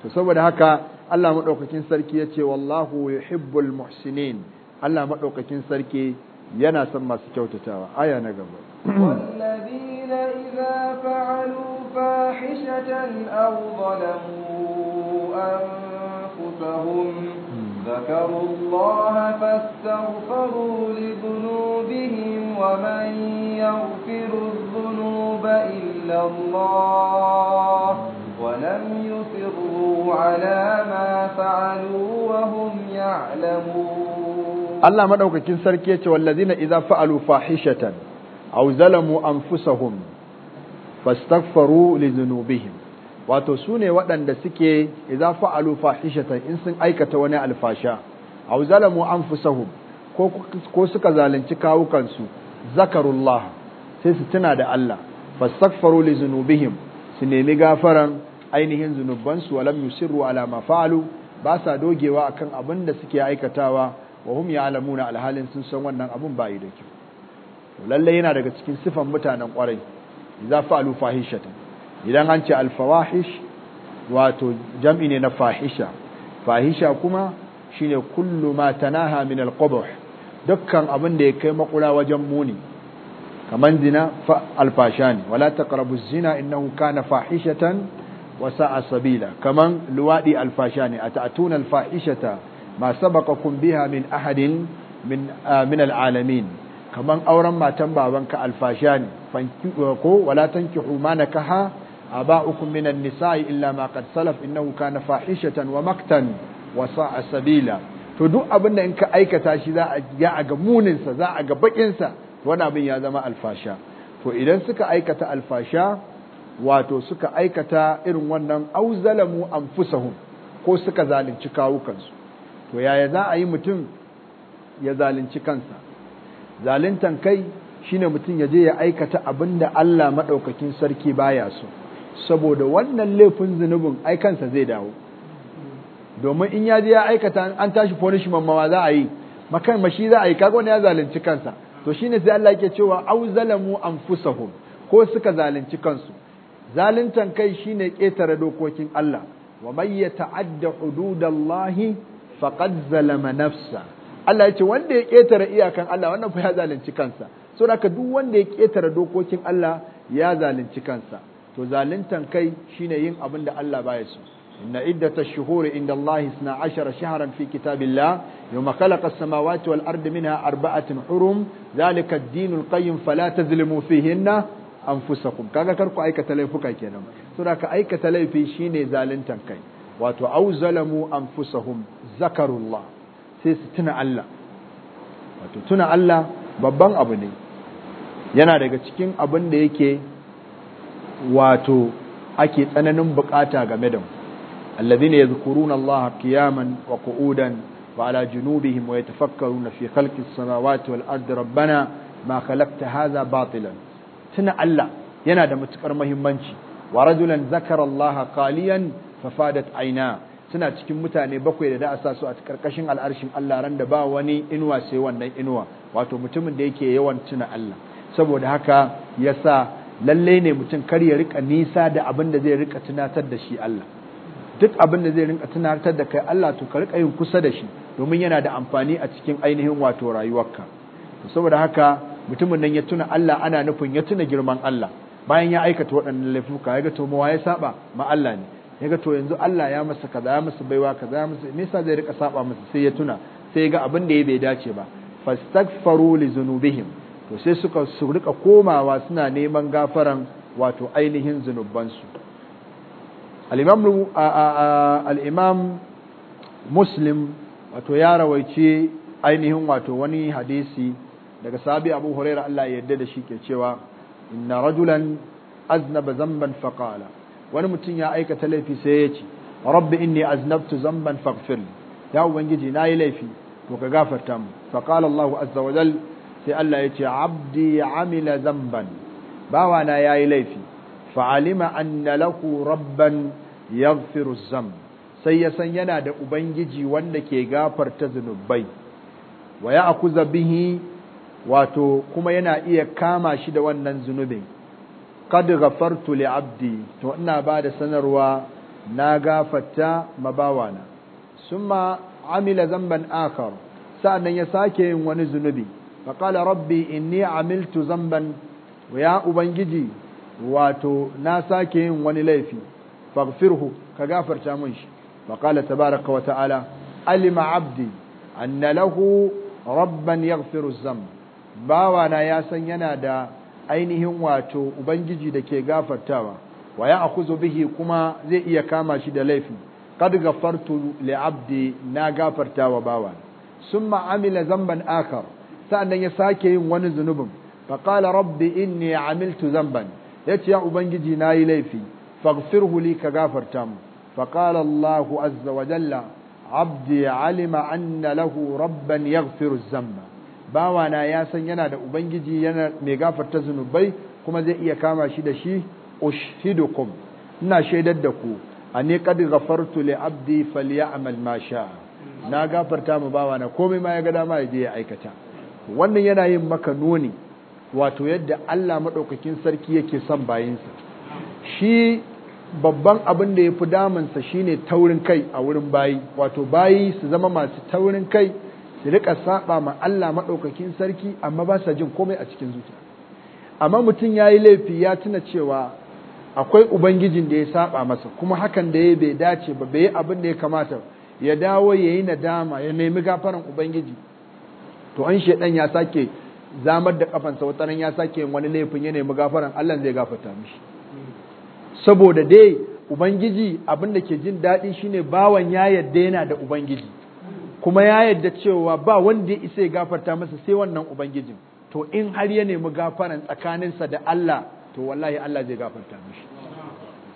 to saboda haka Allah madaukakin sarki yace wallahu hibbul muhsinin Allah madaukakin sarki yana son masu kyautatawa aya na gaba wallazina idza fa'alu fahishatan aw zalamu anfusahum hmm. ذكروا الله فاستغفروا لذنوبهم ومن يغفر الذنوب إلا الله ولم يصروا على ما فعلوا وهم يعلمون الله كن سركية والذين إذا فعلوا فاحشة أو ظلموا أنفسهم فاستغفروا لذنوبهم wato su ne waɗanda suke a fa'alu fahishatan in sun aikata wani alfasha aw zalamu fi ko ko suka zalunci kawukansu zakarullah sai su tuna da Allah fastaghfiru li zunubihim su nemi gafaran ainihin zunubansu walam yusirru ala ma fa'alu ba sa dogewa akan abin da suke aikatawa wa hum ya'lamuna alhalin sun san wannan abin ba yi da kyau lalle yana daga cikin sifan mutanen kwarai idza fa'alu fahishatan idan an ce alfawahish wato jam'i ne na fahisha fahisha kuma shine kullu ma tanaha min alqubh dukkan abin da ya kai makura wajen muni kaman zina fa alfashani wala taqrabu zina innahu kana fahishatan wa sa'a sabila kaman luwadi alfashani atatuna alfahishata ma sabaqakum biha min ahadin min ah, min alalamin kaman auren matan babanka alfashani ko wala tankihu ma nakaha a ba آباؤكم من النساء إلا ما قد سلف إنه كان فاحشة wasa a سبيلا to duk abin da in ka aikata shi za a ga muninsa za a ga bakinsa wani abin ya zama alfasha to idan suka aikata alfasha wato suka aikata irin wannan auzalamu anfusahum ko suka zalunci kawukansu to yaya za a yi mutum ya zalunci kansa zaluntan kai shine mutum ya je ya aikata abin da Allah madaukakin sarki baya so saboda wannan laifin zunubin ai zai dawo domin in ya je ya aikata an tashi punishment ma za a yi makan mashi za a yi kaga wani ya zalunci kansa to shine sai Allah yake cewa au zalamu anfusahum ko suka zalunci kansu zaluntan kai shine ketare dokokin Allah wa may yata'adda hududallahi faqad zalama nafsa Allah yace wanda ya ketare iyakan Allah wannan fa ya zalunci kansa saboda duk wanda ya ketare dokokin Allah ya zalunci kansa to zaluntan kai shine yin abin da Allah baya so inna iddata ash-shuhuri inda Allah 12 shahran fi kitabillah yawma khalaqa as-samawati wal ardi minha arba'atin hurum zalika ad-dinul qayyim fala tazlimu fihinna anfusakum kaga karku ku aikata laifuka kenan saboda ka aikata laifi shine zaluntan kai wato aw zalamu anfusahum zakarullah sai su tuna Allah wato tuna Allah babban abu ne yana daga cikin abin da yake wato ake tsananin bukata game da mu alladhina yadhkuruna Allah qiyaman wa qu'udan wa ala junubihim wa yatafakkaruna fi khalqi as-samawati wal ardi rabbana ma khalaqta hadha batilan tuna Allah yana da matukar muhimmanci wa rajulan zakara Allah qaliyan fafadat aina suna cikin mutane bakwai da da a su a karkashin al'arshin Allah ran da ba wani inuwa sai wannan inuwa wato mutumin da yake yawan tuna Allah saboda haka yasa lalle ne mutum kar ya rika nisa da abin da zai rika tunatar da shi Allah duk abin da zai rika tunatar da kai Allah to ka rika yin kusa da shi domin yana da amfani a cikin ainihin wato rayuwarka saboda haka mutumin nan ya tuna Allah ana nufin ya tuna girman Allah bayan ya aikata waɗannan laifuka ya ga to mawa ya saba ma Allah ne ya ga to yanzu Allah ya masa kaza ya masa baiwa kaza ya masa nisa zai rika saba masa sai ya tuna sai ya ga abin da ya bai dace ba fastaghfaru li zunubihim to sai suka su rika komawa suna neman gafaran wato ainihin zunubansu al-imam muslim wato ya rawaice ainihin wato wani hadisi daga sahabi abu huraira Allah ya yarda da shi ke cewa inna rajulan aznaba zamban faqala wani mutum ya aikata laifi sai ya ce rabbi inni aznabtu zamban faghfir ya ubangiji nayi laifi to ka gafarta mu faqala Allah azza wa sai Allah ya ce abdi amila zamban bawana yayi laifi fa'alima anna lahu rabban yaghfiru zamb sai ya san yana da ubangiji wanda ke gafarta zunubai wa ya'khudha bihi wato kuma yana iya kama shi da wannan zunubin Kada ghafartu li abdi to ina ba da sanarwa na gafarta mabawana summa amila zamban akhar sa'annan ya sake yin wani zunubi فقال ربي إني عملت ذنبا ويا أبنجي واتو ناساكين ونليفي فاغفره كغافر تامنش فقال تبارك وتعالى علم عبدي أن له ربا يغفر الذنب باوانا يا سنينا دا ainihin wato ubangiji da ke gafartawa wa ya akuzu bihi kuma zai iya kama shi da laifi kad gafartu li abdi na gafartawa bawa summa amila zamban akar sa'annan ya sake yin wani zunubin fa qala rabbi inni amiltu zamban yace ya ubangiji nayi laifi faghfirhu li ka gafarta mu fa qala Allah azza wa jalla abdi alima anna lahu rabban yaghfiru zamba bawana ya san yana da ubangiji yana mai gafarta zunubai kuma zai iya kama shi da shi ushidukum ina shaidar da ku ani qad ghafartu li abdi falyamal ma sha na gafarta mu bawana komai ma ya ga dama ya je ya aikata wannan yana yin maka noni wato yadda Allah maɗaukakin sarki yake son bayinsa shi babban abin da ya fi damansa shine taurin kai a wurin bayi wato bayi su zama masu taurin kai su rika saba ma Allah maɗaukakin sarki amma ba sa jin komai a cikin zuciya amma mutum ya yi laifi ya tuna cewa akwai ubangijin da ya saba masa kuma hakan da ya bai dace ba bai yi abin da ya kamata ya dawo ya yi nadama ya nemi gafaran ubangiji to an shaidan ya sake zamar da kafansa wata ya sake wani laifin ya nemi gafaran Allah zai gafarta mishi saboda dai ubangiji abin da ke jin daɗi shine bawan ya yarda yana da ubangiji kuma ya yarda cewa ba wanda ya isa ya gafarta masa sai wannan ubangijin to in har ya nemi gafaran tsakaninsa da Allah to wallahi Allah zai gafarta mishi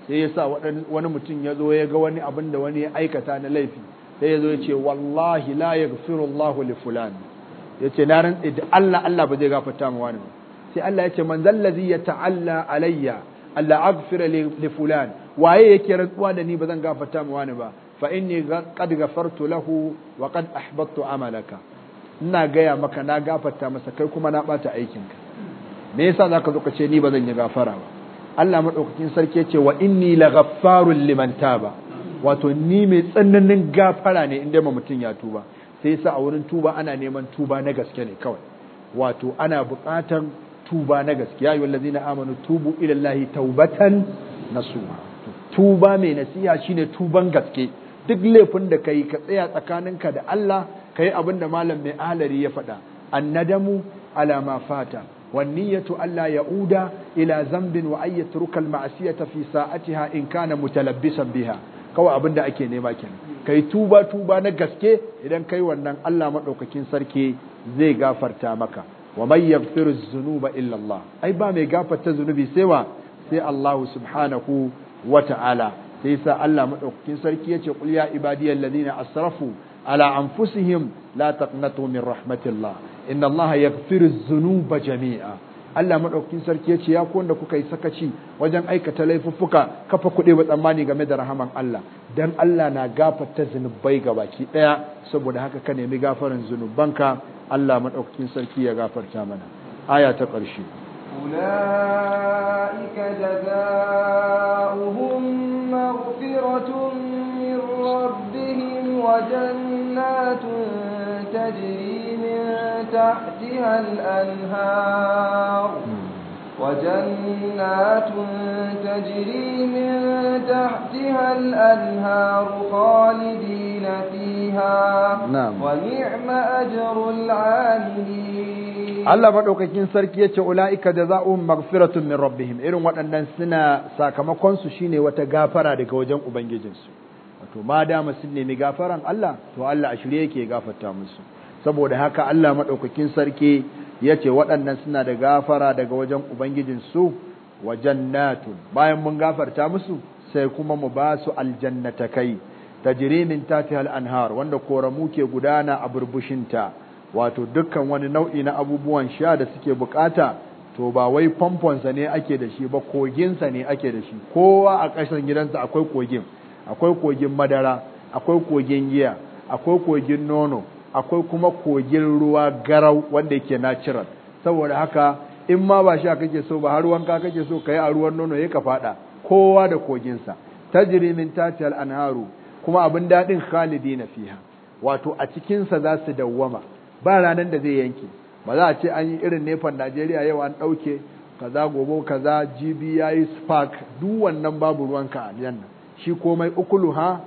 sai ya sa wani mutum ya zo ya ga wani abin da wani ya aikata na laifi sai ya zo ya ce wallahi la yaghfiru Allahu li fulani yace na rantse da Allah Allah ba zai gafarta mu wani ba sai Allah yace man zallazi ta'alla alayya alla aghfira li fulan waye yake rantsuwa da ni ba zan gafarta mu wani ba fa inni qad ghafartu lahu wa qad ahbattu amalaka ina gaya maka na gafarta masa kai kuma na bata aikinka me yasa zaka zo ka ce ni ba zan yi gafara ba Allah madaukakin sarki ce wa inni ghaffarul liman taba wato ni mai tsananin gafara ne inda mutum ya tuba sai sa a wurin tuba ana neman tuba na gaske ne kawai wato ana buƙatan tuba na gaske ya ayyuhal ladzina amanu tubu ilallahi taubatan taubatan suma tuba mai nasiha shine tuban gaske duk laifin da yi ka tsaya tsakaninka da Allah yi abin da malam mai alari ya faɗa annadamu ala alama fata wan niyyatu alla yauda ila zambin wa ay yatruka al ma'siyata fi sa'atiha in kana mutalabbisan biha kawai abin da ake nema kenan kai tuba tuba na gaske idan kai wannan Allah maɗaukakin sarki zai gafarta maka wa mai yaghfiru zunuba illallah ai ba mai gafarta zunubi sai wa sai Allah subhanahu wa ta'ala sai sa Allah maɗaukakin sarki yace qul ya ibadiyal ladina asrafu ala anfusihim la taqnatu min rahmatillah inna Allah yaghfiru jami'a Allah maɗaukin sarki ya ce ya ku kuka yi sakaci wajen aikata laifuffuka kafa kuɗi ba tsammani game da rahaman Allah dan Allah na gafarta zunubai ga baki ɗaya saboda haka ka nemi gafarin zunubanka Allah maɗaukin sarki ya gafarta mana aya ta ƙarshe ulaika jazaohum maghfiratun min rabbihim wa jannatun tajri wajen natun ta jirgin daɗi hal an haru koli da nafiya, wani Allah faɗoƙi sarki yace ula ikka da za a umar firawun min rabu-him irin waɗannan sakamakonsu shine wata gafara daga wajen ubangijinsu wato ma damasin nemi gafara Allah to Allah a shiru yake ya musu saboda haka Allah maɗaukakin sarki ya ce waɗannan suna da gafara daga wajen ubangijin su wa jannatu bayan mun gafarta musu sai kuma mu ba su aljannata aljannatakai ta min tatihal anhar wanda koramu ke gudana a burbushinta wato dukkan wani nau'i na abubuwan sha da suke bukata to ba wai famfonsa ne ake da shi ba koginsa ne ake da shi kowa a ƙasar gidansa akwai kogin akwai kogin madara akwai kogin giya akwai kogin nono akwai kuma kogin ruwa garau wanda yake natural saboda haka in ma ba sha kake so ba har wanka kake so kai a ruwan nono ya ka fada kowa da koginsa tajri min tatiyal anharu kuma abin dadin khalidina fiha wato a cikin sa za su dawwama ba ranar da zai yanke ba za a ce an yi irin nefan Najeriya yau an dauke kaza gobo kaza jibi yayi spark duk wannan babu ruwanka a nan shi komai ukuluha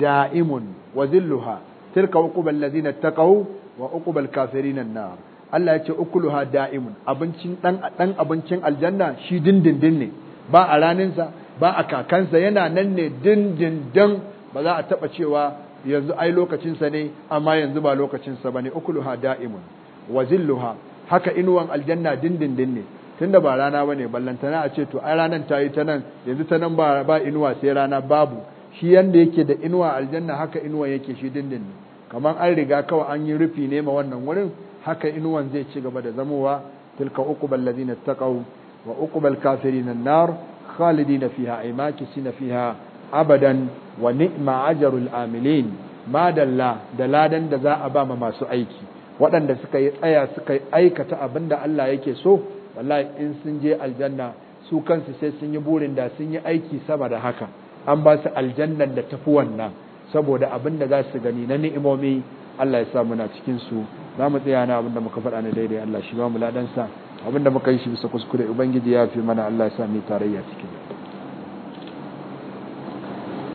da'imun wa zilluha tilka uqubal ladina taqaw wa uqubal kafirin annar Allah ya ce ukuluha da'imun abincin dan dan abincin aljanna shi dindindin ne ba a raninsa ba a kakansa yana nan ne dindindin ba za a taba cewa yanzu ai lokacinsa ne amma yanzu ba lokacinsa bane ukuluha da'imun wa zilluha haka inuwan aljanna dindindin ne tunda ba rana bane ballantana a ce to ai ranan tayi ta nan yanzu ta nan ba ba inuwa sai rana babu shi yanda yake da inuwa aljanna haka inuwa yake shi dindin kamar an riga kawai an yi rufi ne ma wannan wurin haka inuwan zai ci gaba da zamowa tilka uqbal ladina taqaw wa uqbal kafirin an-nar khalidina fiha ay makisina fiha abadan wa ni'ma ajrul amilin madalla da ladan da za a ba ma masu aiki waɗanda suka yi tsaya suka aikata abin da Allah yake so wallahi in sun je aljanna su kansu sai sun yi burin da sun yi aiki saboda haka an ba su aljannan da tafi wannan saboda abin da za su gani na ni'imomi Allah ya sa muna cikin su za mu tsaya na abin da muka faɗa na daidai Allah shi ba mu ladansa abin da muka yi shi bisa kuskure ubangiji ya fi mana Allah ya sa mu tarayya cikin